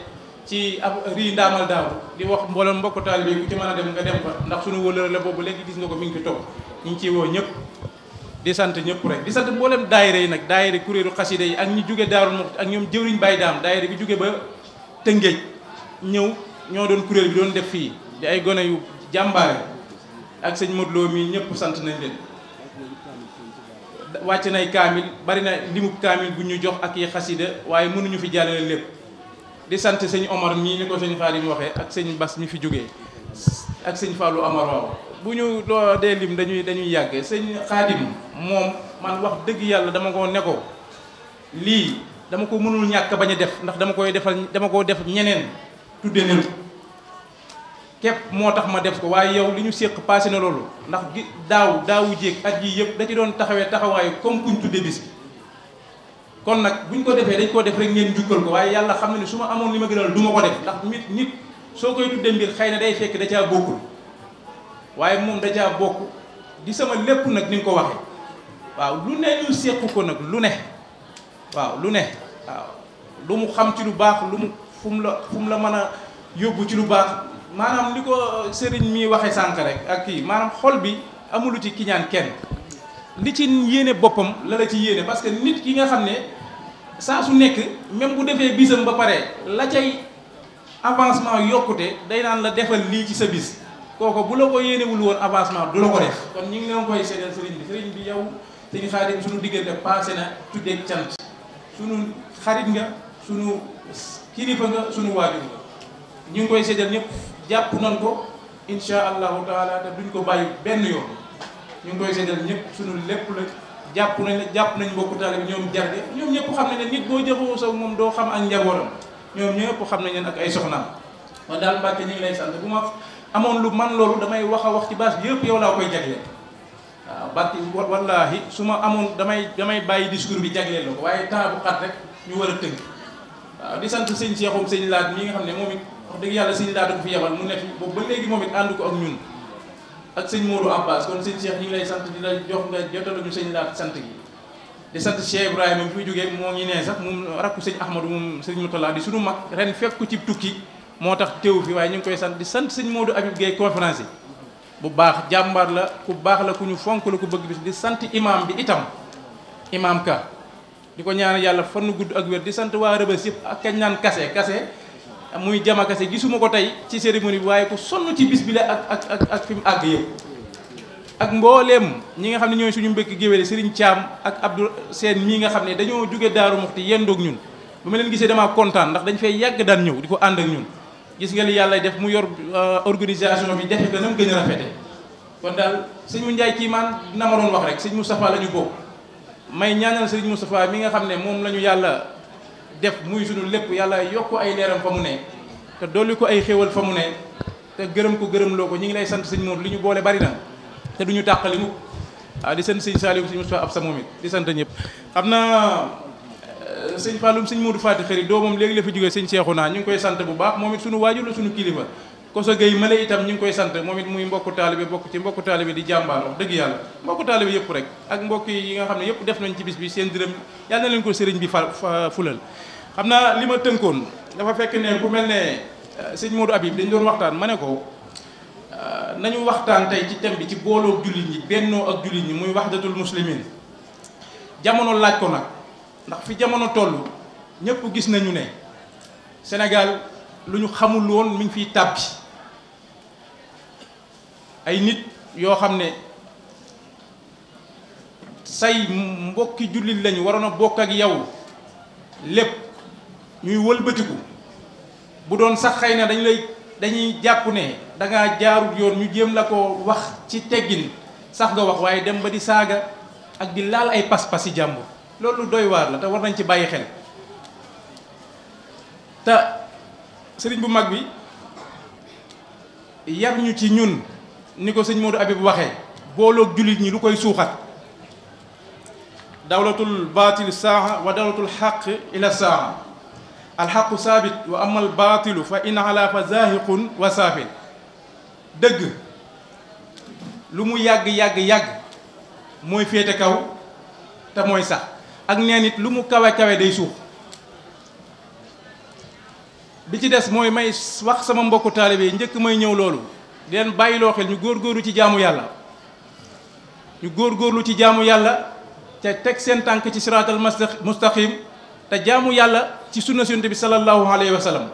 ci ab rii ndaamal daaw di wax mboolem mbokk taalibe ku ci mën a dem nga dem fa ndax suñu wëlëra boobu léegi gis ko mi ngi ñu ngi ciy woo ñëpp. di sant ñëpp rek di sant mboolem daayira yi nag daayira kuréelu xasida yi ak ñi jóge Daaru Muxti ak ñoom jëwriñ bay Daam daayira bi jóge ba Tëngéej ñëw ñoo doon kuréel bi doon def fii di ay gone yu jàmbaare ak sëñ Modou mi ñëpp sant nañ leen wàcc nay kaamil bari na limub kaamil bu ñu jox ak yi xasida waaye mënuñu fi jàllale lépp di sant sëñ Omar mii ñu ko sëñ Xaadim waxee ak sëñ Bas mi fi jóge ak sëñ Fallou Amar waaw bu ñu doo dee lim dañuy dañuy yàggee sëñ xaadim moom man wax dëgg yàlla dama koo nekkoo ko lii dama ko mënul ñàkk bañ a def ndax dama koy defal dama koo def ñeneen tudde nenu képp moo tax ma def ko waaye yow li ñu séq passé na loolu ndax gi daaw daawu jéeg at yi yëpp da ci doon taxawee taxawaayu comme kuñ tudde bis si kon nag bu ñu ko defee dañ koo def rek ngeen jukkal ko waaye yàlla xam na ne su ma amoon li ma gënal du ma ko def ndax nit nit soo koy tudde mbir xëy na day fekk da caa bokkul waaye moom dajaa bokk di sama lépp nag ni nga ko waxee waaw lu ne ñu séq ko nag lu ne waaw lu ne waaw lu mu xam ci lu baax lu mu fu la fum la mën a yóbbu ci lu baax maanaam li ko sëriñ mi waxee sànq rek ak kii maanaam xol bi amulu ci kiñaan kenn li ci yéene boppam la la ci yéene parce que nit ki nga xam ne saa su nekk même bu defee bisam ba pare la cay avancement yokkute day naan la defal lii ci sa bis kooku bu la ko yéenewul woon avancement du la ko def kon ñu ngi leen koy seedeel sëriñ bi sëriñ bi yow sëriñ Xaadim suñu diggante passé na tuddeeg cant suñu nga suñu kilifa nga suñu waajur ñu ngi koy seedeel ñëpp jàpp nañ ko insha allahu taala te duñ ko bàyyi benn yoon ñu ngi koy seedeel ñëpp lépp la jàpp nañ la jàpp nañ mbokku taalibe ñoom jarde ñëpp xam nañ ne nit boo moom doo xam ak njabootam xam nañ leen ak ay soxnaam lay sant bu ma amoon lu man loolu damay wax a wax ci baas bi yëpp yow laa koy jagleel waaw barki wallaahi su ma amoon damay damay bàyyi discours bi jagleel la ko waaye temps bu xat rek ñu war a tënk waaw di sant sëñ Seexum sëñ Laat yi nga xam ne moom it wax dëgg yàlla sëñ Laat ko fi yebal mu ne fi boobu ba léegi moom it ànd ko ak ñun ak sëñ Modou Abbas kon sëñ Cheikh ñu ngi lay sant di la jox nga jotal ñu sëñ Laat sant gi di sant Cheikh Ibrahima bi fi jógee moo ngi nee sax moom rakku sëñ Ahmadou moom sëñ Moutalla di suñu mag ren fekk ko ci tukki moo tax teew fi waaye ñu ngi koy sant di sant sëñ Modou Habib Guèye conférence yi bu baax jàmbaar la ku baax la ku ñu fonk la ku bëgg bis di sant imam bi itam imam ka di ko ñaan yàlla fannu gudd ak wér di sant waa rëbës yëpp ak kañ naan kase kase muy jama kase gisuma ko tey ci cérémonie bi waaye ku sonn ci bis bi la ak ak ak fi mu àgg yëpp mbooleem ñi nga xam ne ñooy suñu mbëkk géwéle Serigne Thiam ak Abdou Seen mii nga xam ne dañoo jóge Daaru Muxti yendoog ñun ba ma leen gisee damaa kontaan ndax dañ fay yàgg daan ñëw di ko ànd ak ñun gis nga li yàlla def mu yor euh, organisation bi defe ko na mu rafete kon daal sëñ mu Ndiaye kii maan ma doon wax rek sëñ Moustapha la ñu bokk may ñaanal sëñ Moustapha mi nga xam ne moom la ñu yàlla def muy sunu lépp yàlla yokk ay leeram fa mu ne te dolli ko ay xéwal fa mu ne te gërëm ko gërëm loo ko ñu ngi lay sant sëñ Mour li ñu boole bari na te du ñu tàqali mukk waaw di sant sëñ Saliou sëñ Moustapha ab sa moom it di sant ñëpp xam na sëñ Falloum sëñ Modou Faty Khary doomam léegi la fi jógee sëñ naa ñu ngi koy sant bu baax moom it suñu waajur la suñu kilifa koso gay mala itam ñu ngi koy sant moom it muy mbokku taalibe bokk ci mbokku taalibe di jàmbaar wax dëgg yàlla mbokku taalibe yëpp rek ak mbokk yi nga xam ne yëpp def nañ ci bis bi seen dërëm yàlla na leen ko sëriñ bi fa fulal xam naa li ma tënkoon dafa fekk ne ku mel ne euh, sëñ Modou yi dañ doon waxtaan ma ne ko euh, nañu waxtaan ci thème bi ci booloo jullit ñi bennoo ak jullit ñi muy wahdatul muslimin jamono laaj ko nag ndax fi jamono toll ñëpp gis nañu ne senegal lu ñu xamul woon mi fi fiy tàbbi ay nit yoo xam ne say mbokki jullit lañu waroon a bokk ak yow lépp ñuy wëlbatiku bu doon sax xëy na dañu lay dañuy jàpp ne danga jaarut yoon ñu jéem la ko wax ci teggin sax nga wax waaye dem ba di saaga ak di laal ay pas-pasi jàmbur loolu doy waar la te war nañ ci bàyyi xel te sëriñ bu mag bi yar ñu ci ñun ni ko sëñ Modou Habib waxe booloog jullit ñi lu koy suuxat dawlatul batil saaxa wa dawlatul xaq ila saaxa alxaqu saabit wa amal batilu fa in fa zaahiqun wa saafin dëgg lu mu yàgg yàgg yàgg mooy féete kaw te mooy sax ak neen it lu mu kawe kawe day suux bi ci des mooy may wax sama mbokku taalibe yi njëkk may ñëw loolu di leen bàyyiloo xel ñu góorgóorlu ci jaamu yàlla ñu góorgóorlu ci jaamu yàlla te teg seen tànk ci siraatal mustaqim te jaamu yàlla ci sunna yonent bi sallallahu alayhi wa sallam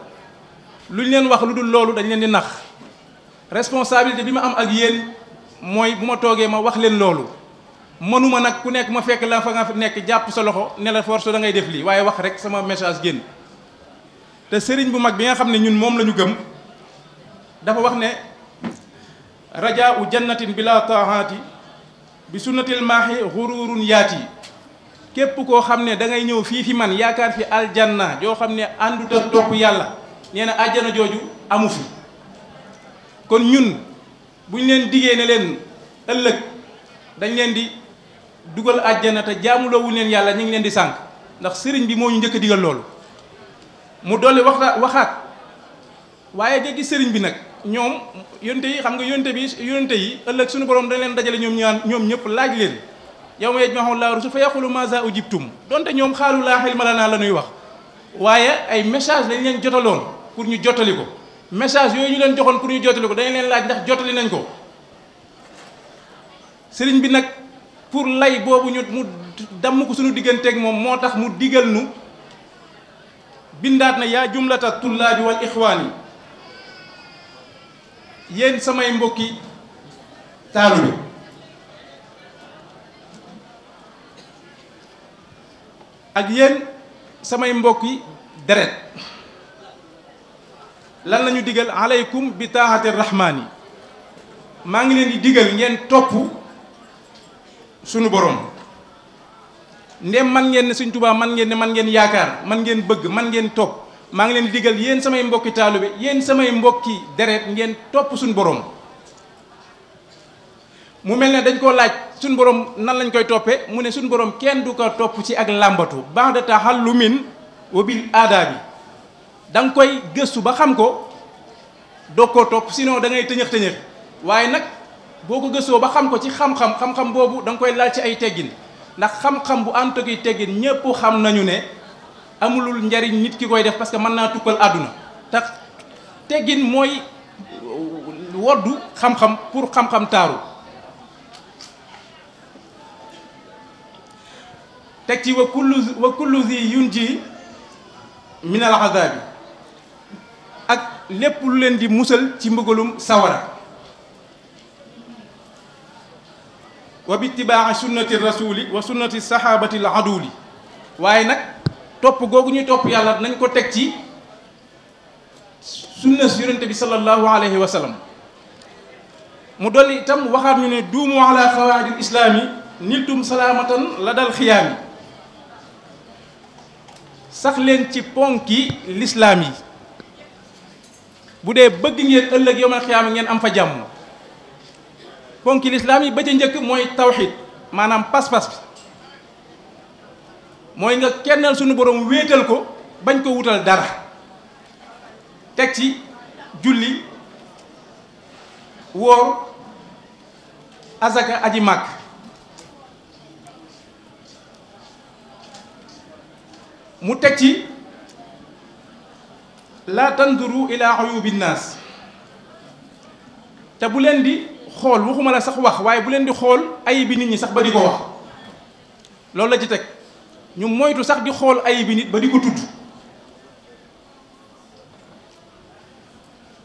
lu ñu leen wax lu dul loolu dañ leen di nax responsabilité bi ma am ak yéen mooy bu ma toogee ma wax leen loolu mënuma nag ku nekk ma fekk la fa nga nekk jàpp sa loxo ne la force ngay def li waaye wax rek sama message génn te sëriñ bu mag bi nga xam ne ñun moom lañu ñu gëm dafa wax ne rajaa u jannatin bila tahaati bi sunnatil maahi xururun yi képp koo xam ne dangay ñëw fii fi man yaakaar fi aljanna joo xam ne àndut ak yàlla nee na àjjana jooju amu fi kon ñun buñ leen diggee ne leen ëllëg dañ leen di dugal àjjana te jaamuloowuñ leen yàlla ñu ngi leen di sànq ndax sëriñ bi moo ñu njëkk digal loolu mu dolli waxta waxaat waaye dégg sëriñ bi nag ñoom yonte yi xam nga yoonte bi yonte yi ëllëg suñu borom dañ leen dajale ñoom ñaan ñoom ñëpp laaj leen yow ma yajma'u laahu rusul fa yaqulu maaza ujibtum donte ñoom xaalu laa ilma naa la ñuy wax waaye ay message lañ leen jotaloon pour ñu jottali ko message yooyu ñu leen joxoon pour ñu jottali ko dañ leen laaj ndax jottali nañ ko bi nag pour lay boobu ñu mu damm ko suñu digganteek moom moo tax mu digal nu bindaat na yaa jumlata tullaabi wal ixwaan yi yéen samay mbokki taalu ak yenn samay mbokki deret lan la ñu digal aleykum bi taaxati yi maa ngi leen di digal ngeen topp sunu borom ndem man ngeen ne Sëñ Tuubaa man ngeen ne man ngeen yaakaar man ngeen bëgg man ngeen topp maa ngi leen di digal yéen samay mbokki taalibe yéen samay mbokki deret ngeen topp suñu boroom mu mel ne dañ koo laaj suñu boroom nan lañ koy toppee mu ne suñu boroom kenn du ko topp ci ak làmbatu baax da taxallumin wa bil aadaa bi danga koy gëstu ba xam ko doo koo topp si da ngay tëñëx tëñëx waaye nag boo ko gëstoo ba xam ko ci xam-xam xam-xam boobu danga koy laal ci ay teggin ndax xam-xam bu ànd ak ay teggin ñëpp xam nañu ne amulul njariñ nit ki koy def parce que mën naa tukkal àdduna tax teggin mooy woddu xam-xam pour taaru teg ci wa kullu wa kullu zi yunji min al azabi ak lépp lu leen di musal ci mbëggalum sawara wa bittibaa sunnati rasuli wa sunnati sahabati al aduli waaye nag topp googu ñuy topp yàlla nañ ko teg ci sunna si bi sallallahu alayhi wa sallam mu dolli itam waxaat ñu ne duumu ala xawaadil islaami niltum salaamatan la dal xiyaami sax leen ci ponki lislaam yi bu dee bëgg ngeen ëllëg yowmal xiyaama ngeen am fa jàmm ponki lislaam yi ba njëkk mooy tawxid maanaam pas-pas bi mooy nga kennal sunu borom wéetal ko bañ ko wutal dara teg ci julli woor azaka aji màkk mu teg ci laa tanduru ila te bu leen di xool waxuma la sax wax waaye bu leen di xool ayib bi nit ñi sax ba di ko wax loolu la ci teg ñu moytu sax di xool ayib bi nit ba di ko tudd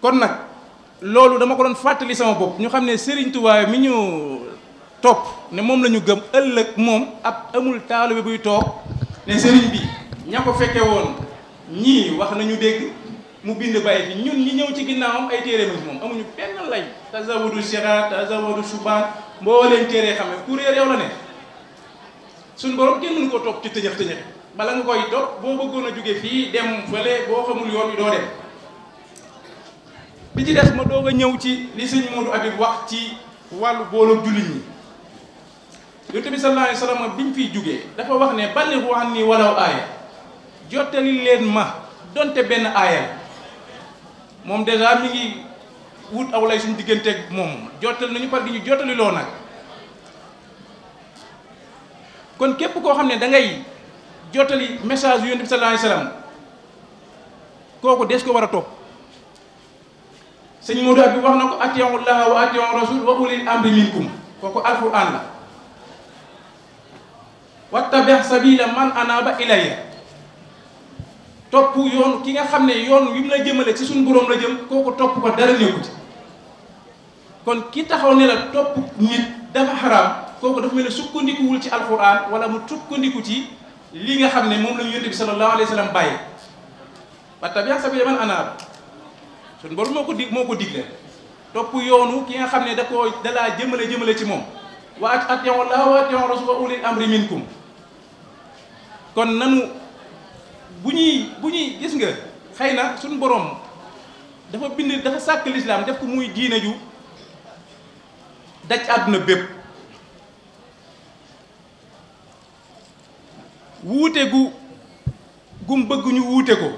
kon nag loolu dama ko doon fàttali sama bopp ñu xam ne sëriñ Touba mi ñu topp ne moom lañu gëm ëllëg moom ab amul taalibe buy toog ne sëriñ bi ña ko fekke woon ñii wax nañu dégg mu bind bàyyi fi ñun ñi ñëw ci ginnaawam ay téere ma ci moom amuñu benn lay tazawadu sira tazawadu subaan mbooleem téere xam ne ku réer yow la ne suñ borom kenn mënu ko toog ci tëñëx tëñëx bala nga koy topp boo bëggoon a jóge fii dem fële boo xamul yoon wi doo dem bi ci des ma doog a ñëw ci li sëñ Modou Habib wax ci wàllu booloo jullit ñi yonent bi sallallahu alayhi bi ñu fiy jógee dafa wax ne ballighu anni walaw aaya jottali leen ma donte benn aaya moom dèjà mi ngi wut aw lay suñu digganteeg moom jottal nañu par di ñu jottali loo nag kon képp koo xam ne dangay ngay jottali message yu yonent bi sallallahu alayhi kooku des ko war a topp sëñ Modou bi wax na ko atiyu llaha wa atiyu rasul wa ulil minkum kooku alquran la wattabi' sabila man anaba ilayya topp yoon ki nga xam ne yoon yu mu la jëmale ci suñu boroom la jëm kooku topp ko dara néewu ci kon ki taxaw ne la topp nit dafa xaraam kooku dafa mel ne sukkandikuwul ci alxuraan wala mu sukkandiku ci li nga xam ne moom la ñu yonent bi sallallahu alayhi wa sallam bàyyi wattabi' sabiila man anaab suñu boroom ko dig moo ko digle topp yoonu ki nga xam ne da koo da laa jëmale ci moom wa atii'u llaaha wa atii'u rasuula ulil kon nanu bu ñuy bu ñuy gis nga xëy na suñu boroom dafa bind dafa sàkk lislaam def ko muy diina ju daj àdduna bépp wuute gu gum bëgg wuute ko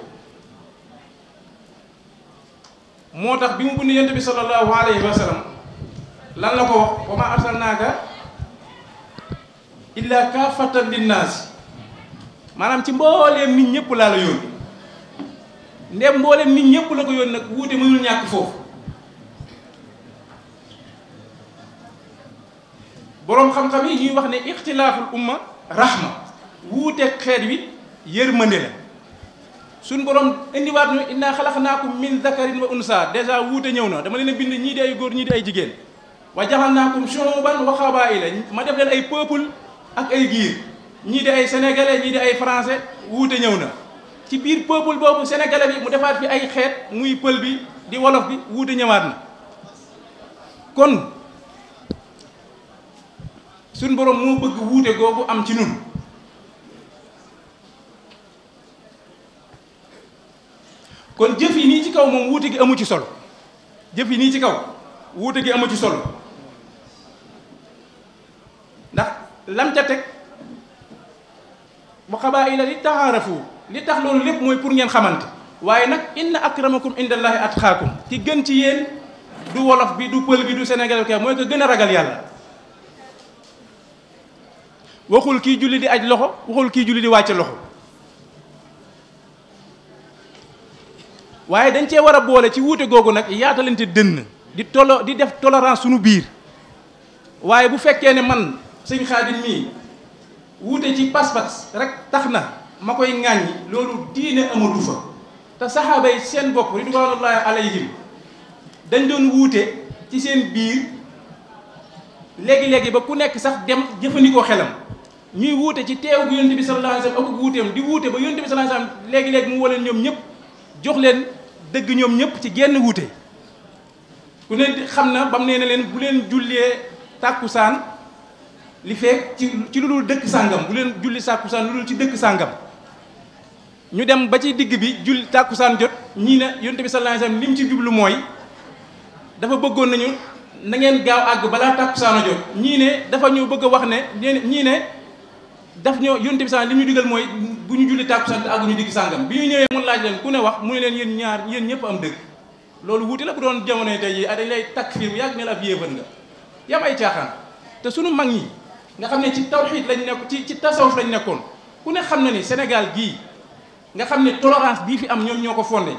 moo tax bi mu bind yonent bi sallallahu alayhi wa sallam lan la ko wax wa ma arsalnaaka illa kaafatan linnaas maanaam ci mbooleem nit ñëpp laa la yónni ndem mbooleem nit ñëpp la ko yónni nag wuute mënul ñàkk foofu boroom xam-xam yi ñuy wax ne ixtilaaful umma rahma wuuteeg xeet wi yërmande la suñ borom indiwaat ñu inna xalaqnaakum min zakarin wa unsa dèjà wuute ñëw na dama leen a bind ñii di ay góor ñii di ay jigéen wa jaxalnaakum shuuban wa xabaa'ila ma def leen ay peuple ak ay giir ñii di ay sénégalais ñii di ay français wuute ñëw na ci biir peuple boobu sénégalais bi mu defaat fi ay xeet muy pël bi di wolof bi wuute ñëwaat na kon suñ borom moo bëgg wuute googu am ci nun kon jëf yi nii ci kaw moom wuute gi amu ci solo jëf yi nii ci kaw wuute gi amu ci solo ndax lam ca teg xabaa xabaa'ila li taxaarafu li tax loolu lépp mooy pour ngeen xamante waaye nag indi ak akramakum indallahi atqaakum ki gën ci yéen du wolof bi du pël bi du sénégal kay mooy ko gën a ragal yàlla waxul kii julli di aj loxo waxul kii julli di wàcce loxo waaye dañ cee war a boole ci wuute googu nag yaatalante dënn di tolo di def tolérance sunu biir waaye bu fekkee ne man sëñ Xaadim mii wuute ci pas-pas rek tax na ma koy ŋàññi loolu diine amadu fa te saxaaba seen bopp ko ridwanullahi alayhim dañ doon wuute ci seen biir léegi-léegi ba ku nekk sax dem jëfandikoo xelam ñuy wuute ci teew gu yonte bi sallallahu alayhi wasallam ak wuuteem di wuute ba yonte bi sallallahu alayhi wasallam léegi-léegi mu waleen ñoom ñëpp jox leen dëgg ñoom ñëpp ci genn wuute ku ne xam na bam ne na leen bu leen jullee tàkkusaan li feek ci ci lu dul dëkk sàngam bu leen julli tàkkusaan lu dul ci dëkk sàngam ñu dem ba ci digg bi julli tàkkusaan jot ñii ne yonent bi sallallahu alayhi wasallam ci jublu mooy dafa bëggoon na ngeen gaaw àgg balaa tàkkusaan a jot ñii ne dafa ñu bëgg wax ne ñii ne daf ñoo yonent bi sallallahu li ñu digal mooy bu ñu julli tàkkusaan te àgguñu digg sàngam bi ñu ñëwee mun laaj leen ku ne wax mu ne leen yéen ñaar yéen ñëpp am dëgg loolu wuute la bu doon jamonoy tey yi ah, dañ lay takfiir bu yàgg ne la ab yéefar nga yam ay caaxaan te sunu mag ñi nga xam ne ci tawxiid lañ nekk ci ci tasawuf lañ nekkoon ku ne xam na ni Sénégal gii nga xam ne tolérance bii fi am ñoom ñoo ko fondé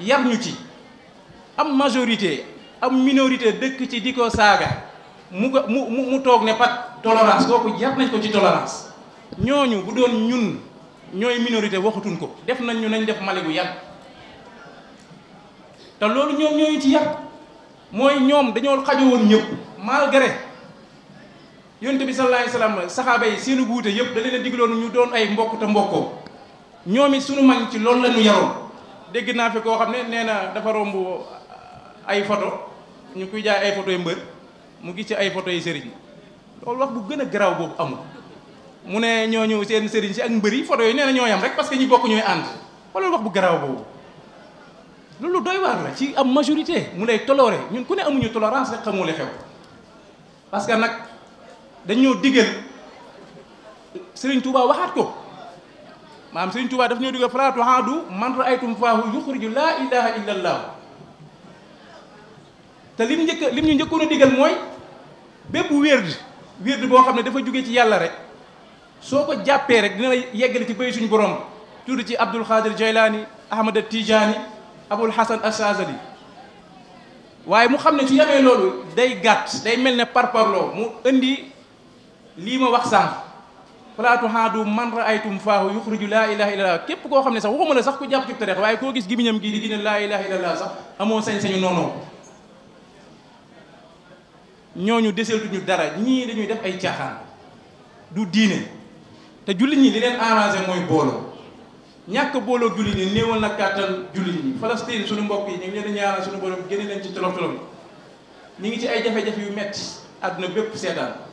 yar ñu ci am majorité am minorité dëkk ci di ko saaga mu ko mu mu toog ne pat tolérance kooku yar nañ ko ci tolérance ñooñu bu doon ñun ñooy minorité waxatuñ ko def nañ ñu nañ def Mali bu yàgg te loolu ñoom ñooyu ci yàq mooy ñoom dañoo xajowoon ñëpp malgré yonent bi sallallahu alayhi saxaaba yi seenu wuute yëpp da leen a digloon ñu doon ay mbokk te mbokkoo ñoom it suñu mag ci loolu la ñu yaroon dégg naa fi koo xam ne nee na dafa romb ay photo ñu kuy jaay ay photo yu mbër mu gis ci ay photo yi sëriñ loolu wax bu gën a garaaw boobu amul mu ne ñoo ñëw seen sëriñ si ak mbër yi photo yi nee na ñoo yam rek parce que ñi bokk ñooy ànd xoolal wax bu garaaw boobu loolu doy waar la ci am majorité mu lay toloré ñun ku ne amuñu tolérance rek xamoo li xew parce que dañoo digal Serigne Touba waxaat ko maam Serigne Touba daf ñoo digal falaa tuhaadu man raaytum faahu yuxriju laa ilaha illa allah te lim njëkk li ñu njëkkoon a mooy bépp wéer wérd boo xam ne dafa jóge ci yàlla rek soo ko jàppee rek dina la yeggali ci bay suñu borom tudd ci Abdul Xaadir Jaylaani Ahmad Tijaani Abul Hasan Asazali waaye mu xam ne su yamee loolu day gàtt day mel ne parparloo mu indi lii ma wax sànq falaatu haadu man raaytum faahu yuxriju laa ilaha illallah képp koo xam ne sax waxuma la sax ku jàpp ci tariixa waaye koo gis gimiñam gii di gën a laa ilaha illallah sax amoo sañ-sañu noonu ñooñu deseetuñu dara ñii dañuy def ay caaxaan du diine te jullit ñi li leen arrangé mooy booloo ñàkk booloo julli ñi néewal na kàttan jullit ñi Palestine suñu mbokk yi ñu ngi leen di ñaanal suñu borom génne leen ci tolof tolof ñu ngi ci ay jafe yu metti àdduna bépp seetaan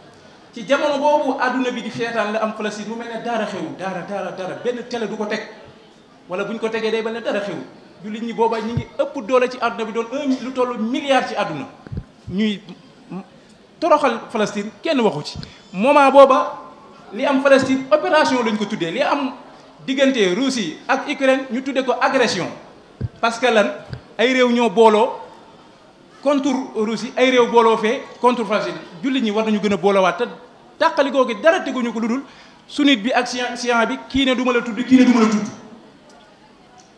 ci jamono boobu àdduna bi di feetaan la am Palestine mu mel ne dara xewul dara dara dara benn télé du ko teg wala bu ñu ko tegee day ba ne dara xewul jullit ñi boobaa ñi ngi ëpp doole ci adduna bi doon lu toll milliard ci adduna ñuy toroxal Palestine kenn waxu ci moment booba li am Palestine opération lañ ko tuddee li am diggante Russie ak Ukraine ñu tuddee ko agression parce que lan ay réew ñoo booloo contre Russie ay réew booloo fee contre Palestine jullit ñi war nañu gën a boolowaat te tàqalikoo gi dara teguñu ko lu dul sunit bi ak siyaan bi kii ne duma la tudd kii ne duma la tudd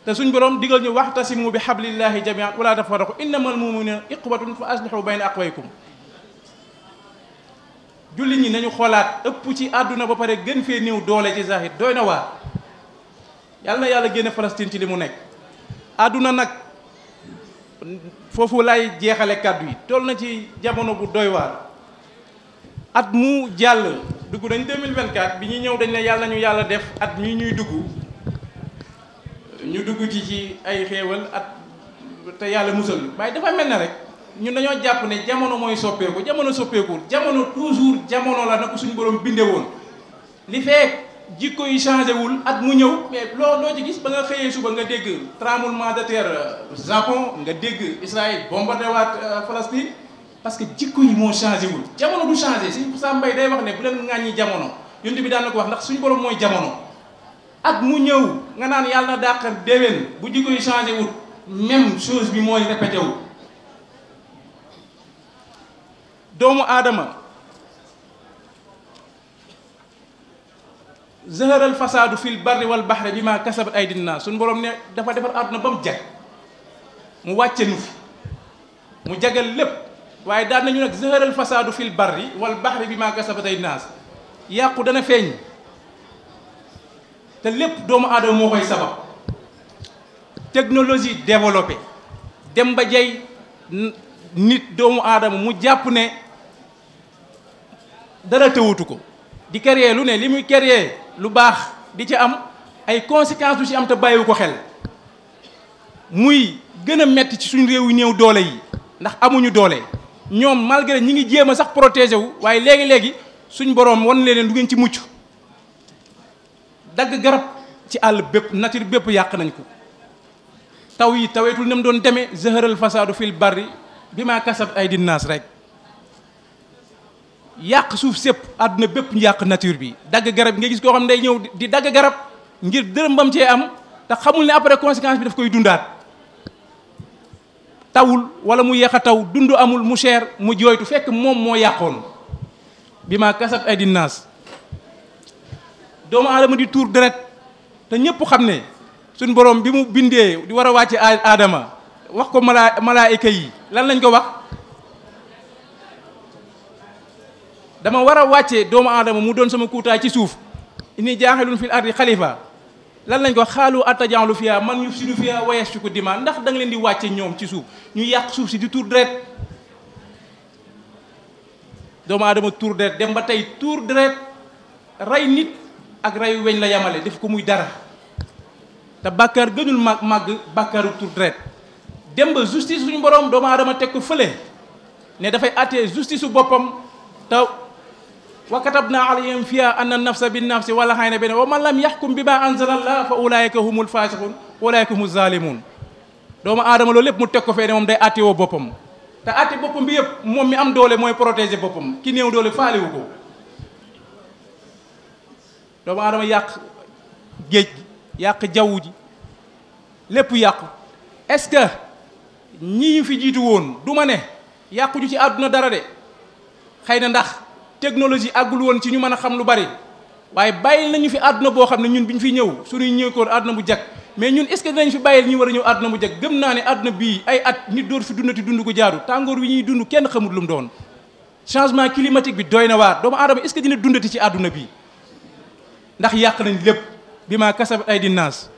te suñ borom digal ñu waxtasimu bi hablillahi jamian wala tafarraqu innamal muminuna iqwatun fa aslihu bayna aqwaykum julli ñi nañu xoolaat ëpp ci àdduna ba pare gën fee néew doole ci saa zahir dooy na waar yàlla na yàlla génne Palestine ci li mu nekk àdduna nag foofu lay jeexale kàddu yi toll na ci jamono bu doy waar at mu jàll dugg dañ vingt 2024 bi ñuy ñëw dañ ne yàlla ñu yàlla def at mii ñuy dugg ñu dugg ci ci ay xéewal at te yàlla musal waaye dafa mel ne rek ñun dañoo jàpp ne jamono mooy soppeeku jamono soppeeku jamono toujours jamono la na ko suñu borom bindee woon li fekk jikko yi changé wul at mu ñëw mais loo loo ci gis ba nga xëyee suba nga dégg tremblement de terre euh, Japon nga dégg Israël bombardé waat euh, Palestine parce que jikko yi moo changé wul jamono du changé si sa mbay day wax ne bu leen ŋàññi jamono yonent bi daan na ko wax ndax suñu borom mooy jamono at mu ñëw nga naan yàlla na dàq déwén bu jikko yi changé wul même chose bi mooy répété wu doomu aadama zaharal fasaadu fil barri wal bahri bi ma kasabat aydin naas suñu borom ne dafa defar àdduna ba mu jag mu wàcce nu fi mu jagal lépp waaye daan nañu nag zëhëral fasaadu fil barri wal baxri bi maa kasabatay naas yàqu dana feeñ te lépp doomu aadama moo koy sabab technologie développée dem ba jey nit doomu aadama mu jàpp ne dara tëwutu ko di créer lu ne li muy créer lu baax di ci am ay conséquences du ci am te bàyyiwu ko xel muy gën a metti ci suñu réew yu néew doole yi ndax amuñu doole ñoom malgré ñi ngi jéem a sax protéger wu waaye léegi-léegi suñ boroom wan leen du ngeen ci mucc dagg garab ci àll bépp nature bépp yàq nañ ko taw yi taweetul nam doon demee zëhëral fasaadu fil bari bi maa kasab ay dinaas rek yàq suuf sépp àdduna bépp yàq nature bi dagg garab nga gis koo xam ne day ñëw di dagg garab ngir dërëm bam cee am te xamul ne après conséquence bi daf koy dundaat tawul wala mu yéex a taw dund amul mu cher mu jooytu fekk moom moo yàqoon bi maa kasab ay dinaas doomu aadama di tuur deret te ñëpp xam ne suñ borom bi mu bindee di war a wàcce aadama wax ko malaa malaayika yi lan lañ ko wax dama war a wàcce doomu aadama mu doon sama kuutaay ci suuf inni jaaxilun fil ardi xalifa lan lañ ko xaalu atajaalu fiyaa man ñu suñu fiyaa wayees ci ko dimaa ndax da leen di wàcce ñoom ci suuf ñu yàq suuf si di tuur deret doomu adama tour deret dem ba tey tour deret rey nit ak reyu weñ la yamale def ko muy dara te bàkkaar gënul mag màgg bàkkaaru tuur deret dem ba justice suñu borom doomu aadama teg ko fële ne dafay àttee justice su boppam te wa katabna alayhim fiha anna nafsa bin nafsi wala xayna beneen wa man lam yaxkum bi ma anzalallah fa ulaayika humul faasiqun ulaayika humuz zalimun doomu aadama loolu lépp mu teg ko fee ne moom day àtte woo boppam te àtte boppam bi yëpp moom mi am doole mooy protéger boppam ki néew doole faaliwu ko doomu aadama yàq géej gi yàq jaww ji lépp yàqu est-ce que ñi fi jiitu woon du ma ne yàqu ju ci àdduna dara de xëy na ndax technologie àggul woon ci ñu mën a xam lu bari waaye bàyyil nañu fi àdduna boo xam ne ñun bi ñu fiy ñëw suñuy ñëwkoon àdduna bu jag mais ñun est-ce que dinañ fi bàyyil ñu war a ñëw àdduna bu jag gëm naa ne àdduna bii ay at nit door fi dundati dund ko jaaru tàngoor wi ñuy dund kenn xamul lu mu doon changement climatique bi doy na waar doomu aadama est-ce que dina dundati ci àdduna bii ndax yàq nañ lépp bi maa kasab ay di naas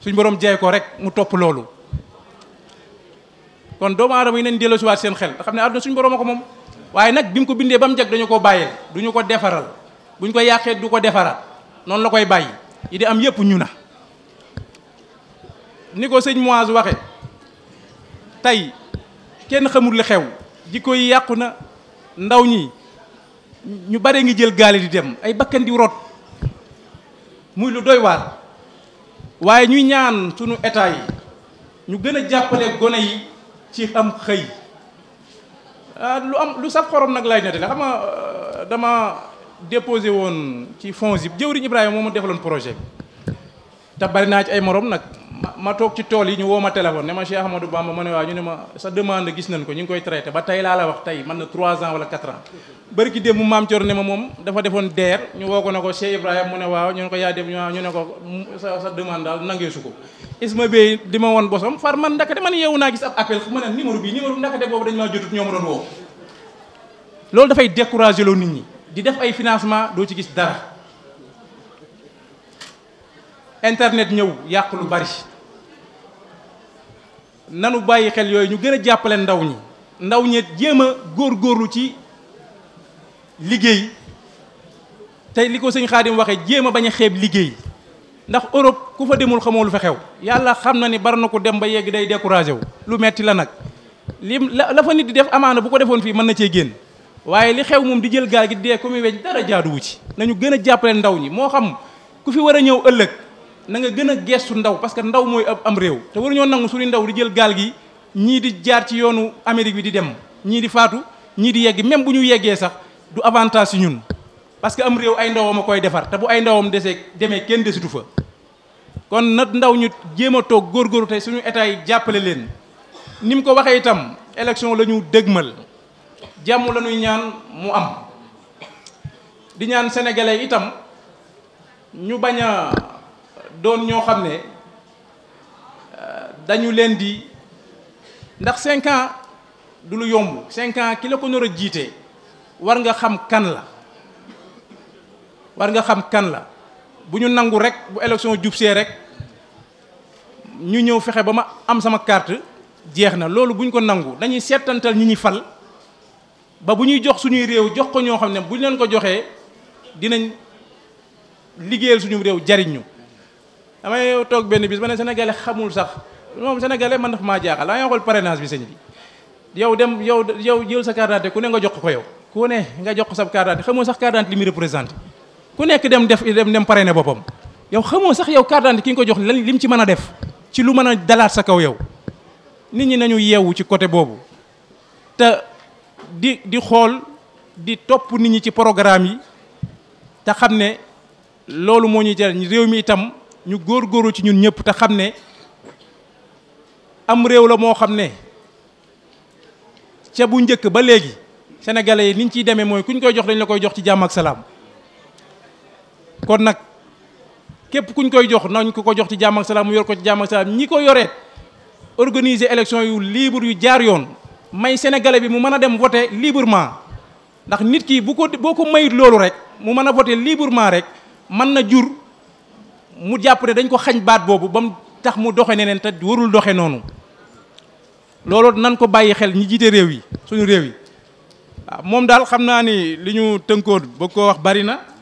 suñ borom jaay ko rek mu topp loolu kon doomu aadama yi nañ delloosiwaat seen xam ne suñ borom a ko moom waaye nag bi mu ko bindee ba mu jekk dañu ko bàyyil du ñu ko defaral bu ñu ko yàqee du ko defara noonu la koy bàyyi yi di am yëpp ñu na ni ko sëñ Moise waxe tey kenn xamul li xew jikko yi yàqu na ndaw ñi ñu bare ngi jël gaale di dem ay bakkan di rot muy lu doy waar waaye ñuy ñaan sunu état yi ñu gën a jàppale gone yi ci xam xëy Ah, lu am lu sax xorom nag laay nettali xam ma euh, dama dépose woon ci fonds yi jëwriñ Ibrahima mu def defaloon projet bi te bari naa ci ay morom nag ma toog ci tool yi ñu woo ma téléphone ne ma Cheikh Ahmadou Bamba ma ne waaw ñu ne ma sa demande gis nañ ko ñu ngi koy traité ba tey laa la wax tey man na 3 ans wala 4 ans bari ki démb maam Thior ne ma moom dafa defoon DER ñu woo ko ne ko Cheikh Ibrahima mu ne waaw ñu ne ko yaa dem ñu ne ko sa sa demande daal nangeesu ko su ma bey di ma woon bosom far man ndakate man yeewu naa gis ab appel fu ma ne numéro bii numéro ndakate boobu dañ maa jotut ñoo ma woo loolu dafay découragé loo nit ñi di def ay financement doo ci gis dara internet ñëw yàq lu bari nanu bàyyi xel yooyu ñu gën a jàppale ndaw ñi ndaw ñi jéem a góorlu ci liggéey tey li ko sëñ Xaadim waxee jéem a bañ a xeeb liggéey ndax Europe ku fa demul xamoo lu fa xew yàlla xam na ni bari na ko dem ba yegg day découragé wu lu metti la nag lim la fa nit di def amaana bu ko defoon fii mën na cee génn waaye li xew moom di jël gaal gi dee ko mu weñ dara jaaduwu ci nañu gën a jàppale ndaw ñi moo xam ku fi war a ñëw ëllëg na nga gën a gestu ndaw parce que ndaw mooy ab am réew te waruñoo nangu suñu ndaw di jël gaal gi ñii di jaar ci yoonu Amérique bi di dem ñii di faatu ñii di yegg même bu ñu yeggee sax du avantage si ñun parce que am réew ay ndawam a koy defar te bu ay ndawam desee demee kenn desitu fa kon nag ndaw ñu jéem a toog góorgóorlu tey suñu état yi jàppale leen ni mu ko waxee itam élection la ñu dëgmal jàmm la ñuy ñaan mu am di ñaan sénégalais itam ñu bañ a doon ñoo xam ne euh, dañu leen di ndax cinq du lu yomb cinq ans ki la ko nar jiite war nga xam kan la war nga xam kan la bu ñu nangu rek bu élection jub see rek ñu ñëw fexe ba ma am sama carte jeex na loolu bu ñu ko nangu dañuy seetantal ñi ñuy fal ba bu ñuy jox suñuy réew jox ko ñoo xam ne bu ñu leen ko joxee dinañ liggéeyal suñu réew jariñ ñu damay toog benn bis ba ne sénégalais xamul sax moom sénégalais man daf maa jaaxal da ngay xool parrainage bi sëñ bi yow dem yow yow jël sa carte ku ne nga jox ko yow ku ne nga jox ko sa carte d'identité xamul sax carte d'identité li ku nekk dem def dem dem ne boppam yow xamoo sax yow carte d'identité ki nga ko jox lan lim ci mën a def ci lu mën a dalaat sa kaw yow nit ñi nañu yeewu ci côté boobu te di di xool di topp nit ñi ci programme yi te xam ne loolu moo ñuy jëriñ réew mi itam ñu góor góorgóorlu ci ñun ñëpp te xam ne am réew la moo xam ne ca bu njëkk ba léegi sénégalais yi niñ ciy demee mooy kuñ koy jox dañ la koy jox ci jàmm ak salaam kon nag képp kuñ koy jox nañ ko ko jox ci jàmm ak salaam mu yor ko ci jàmm ak salaam ñi ko yoreet organiser élection yu libre yu jaar yoon may sénégalais bi mu mën a dem voter librement ndax nit kii bu ko boo ko mayit loolu rek mu mën a voter librement rek mën na jur mu jàpp ne dañ ko xañ baat boobu ba mu tax mu doxe neneen te warul doxe noonu loolu nan ko bàyyi xel ñi jiite réew yi suñu réew yi waaw moom daal xam naa ni li ñu tënkoon bëgg ko wax bari na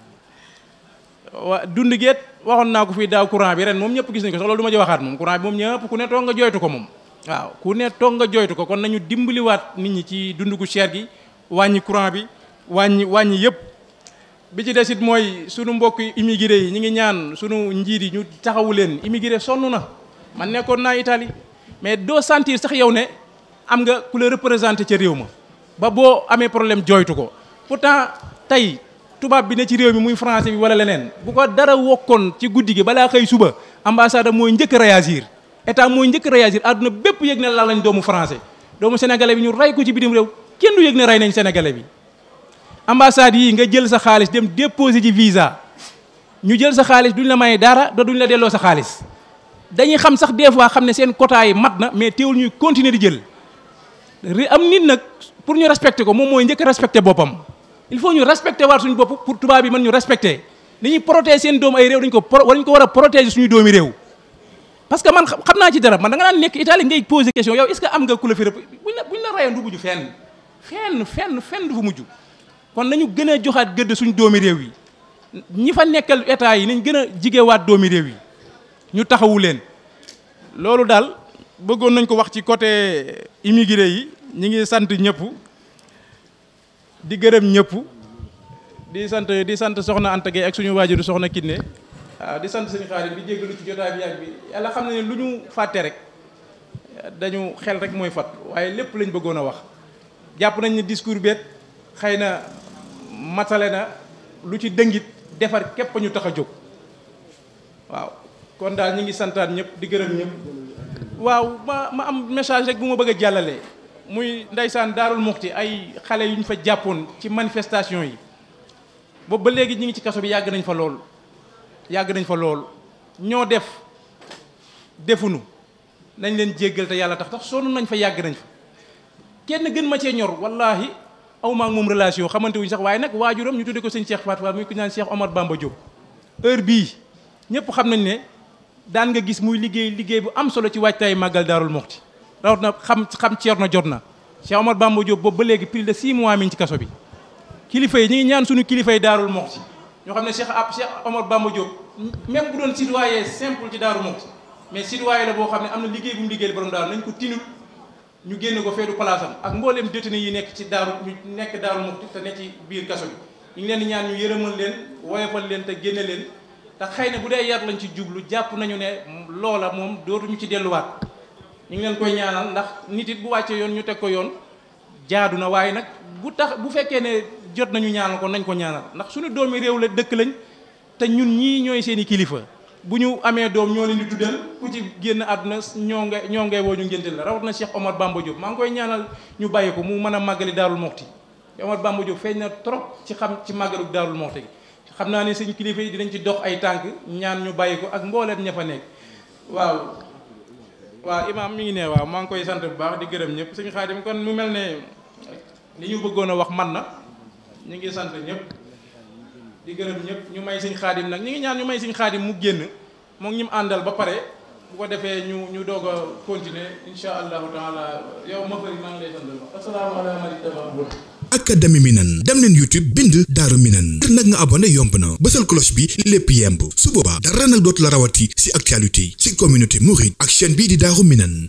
wa dund geet waxoon naa ko fii daaw courant bi ren moom ñëpp gis nañ ko sax du ma ci waxaat moom courant bi moom ñëpp ku ne toog nga jooytu ko moom waaw ku ne toog nga jooytu ko kon nañu waat nit ñi ci dund ku cher gi wàññi courant bi wàññi wàññi yëpp bi ci des it mooy sunu mbokk immigré yi ñu ngi ñaan sunu njiit yi ñu taxawu leen immigré sonn na man nekkoon naa Italie mais doo sentir sax yow ne am nga ku la représenté ca réew ma ba boo amee problème jooytu ko pourtant tey tubaab bi ne ci réew mi muy français bi wala leneen bu ko dara wokkoon ci guddi gi balaa xëy suba ambassade mooy njëkk réagir état mooy njëkk réagir àdduna bépp yëg ne laal nañ doomu français doomu sénégalais bi ñu rey ko ci bitim réew kenn du yëg ne rey nañ sénégalais bi ambassade yii nga jël sa xaalis dem déposer ci visa ñu jël sa xaalis duñu la may dara da duñ la delloo sa xaalis dañuy xam sax des fois xam ne seen quota mat na mais teewul ñuy continuer di jël am nit nag pour ñu respecter ko moom mooy njëkk respecter boppam il faut ñu respecté waat suñu bopp pour tubaab yi mën ñu respecté li ñuy protéger seen doomu ay réew dañ ko ko war a protéger suñu doomi réew parce que man xam naa ci dara man da nga naan nekk Italie ngay posé question yow est-ce que am nga ku fi rëpp buñ fenn fenn fenn fenn du fu mujj kon gën a joxaat gëdd suñu doomi réew yi ñi fa nekkal état yi nañ gën a waat doomi réew yi ñu taxawu leen loolu daal bëggoon nañ ko wax ci côté immigré yi ñu ngi sant ñëpp di gërëm ñëpp di sant di sant soxna Anta Gueye ak suñu waajuru soxna Kiné waaw di sant sëñ Xaadim bi jéggalu ci jotaay bi yàgg bi yàlla xam na ne lu ñu fàtte rek dañu xel rek mooy fat waaye lépp lañ bëggoon a wax jàpp nañ ne discours beet xëy na matale na lu ci dëngit defar képp ñu tax a jóg waaw kon daal ñu ngi santaat ñëpp di gërëm ñëpp waaw ma ma am message rek bu ma bëgg a jàllalee muy ndeysaan daarul muxti ay xale yu ñu fa jàppoon ci manifestation yi boobu ba léegi ñu ngi ci kaso bi yàgg nañ fa lool yàgg nañ fa lool ñoo def defunu nañ leen jéggal te yàlla tax tax sonn nañ fa yàgg nañ fa kenn gën ma cee ñor wallaahi aw maa moom relation xamante wuñ sax waaye nag waajuram ñu tuddee ko sëñ Cheikh Fatou Fall muy ku naan Cheikh Omar Bamba Diop bii ñëpp xam nañ ne daan nga gis muy liggéey liggéey bu am solo ci waajtaayu màggal daarul muxti rawat na xam xam Ceerno jot na Cheikh Omar Bamba Diop boobu ba léegi plus de 6 mois mi ngi ci kaso bi kilifa yi ñu ngi ñaan suñu kilifa yi Daarul Muxti ñoo xam ne Cheikh ab Cheikh Omar Bamba Diop même bu doon citoyen simple ci Daarul Muxti mais citoyen la boo xam ne am na liggéey bu mu liggéeyal borom daaru nañ ko tinul ñu génn ko feedu place am ak mbooleem détenu yi nekk ci daaru ñu nekk Daarul Muxti te ne ci biir kaso bi ñu ngi leen di ñaan ñu yërëmal leen woyofal leen te génne leen te xëy na bu dee yar lañ ci jublu jàpp nañu ne loola moom dootuñu ci delluwaat ñu ngi leen koy ñaanal ndax nit it bu wàccee yoon ñu teg ko yoon jaadu na waaye nag bu tax bu fekkee ne jot nañu ñaanal ko nañ ko ñaanal ndax su suñu yi réew la dëkk lañ te ñun ñii ñooy seen kilifa bu ñu amee doom ñoo leen di tuddal ku ci génn àdduna ñoo ngay ñoo ngay woo ñu ngénte la rawat na Cheikh Omar Bamba Diop maa ngi koy ñaanal ñu bàyyi ko mu mën a màggali Daarul Moxti Omar Bamba Diop feeñ na trop ci xam ci màggalu Daarul Moxti gi xam naa ne seen kilifa yi dinañ ci dox ay tànk ñaan ñu bàyyi ko ak mbooleem ña fa nekk waaw imaam mi ngi ne waa maa ngi koy sant bu baax di gërëm ñëpp suñu xaadim kon mu mel ne li ñu bëggoon a wax man na ñu ngi sant ñëpp di gërëm ñëpp ñu may suñu xaadim nag ñu ngi ñaan ñu may suñu xaadim mu génn moo ñi mu àndal ba pare bu ko defee ñu ñu doog a continuer incha allahu taala yow ma fëri maa ngi lay sant asalaamaaleykum académie Minane dem leen YouTube bind Daaru Minane ngir nag nga abonné yomb na bësal cloche bi lépp yemb su boobaa dara nag dootu la rawati ci actualité ci communauté mouride ak chaîne bii di Daaru Minane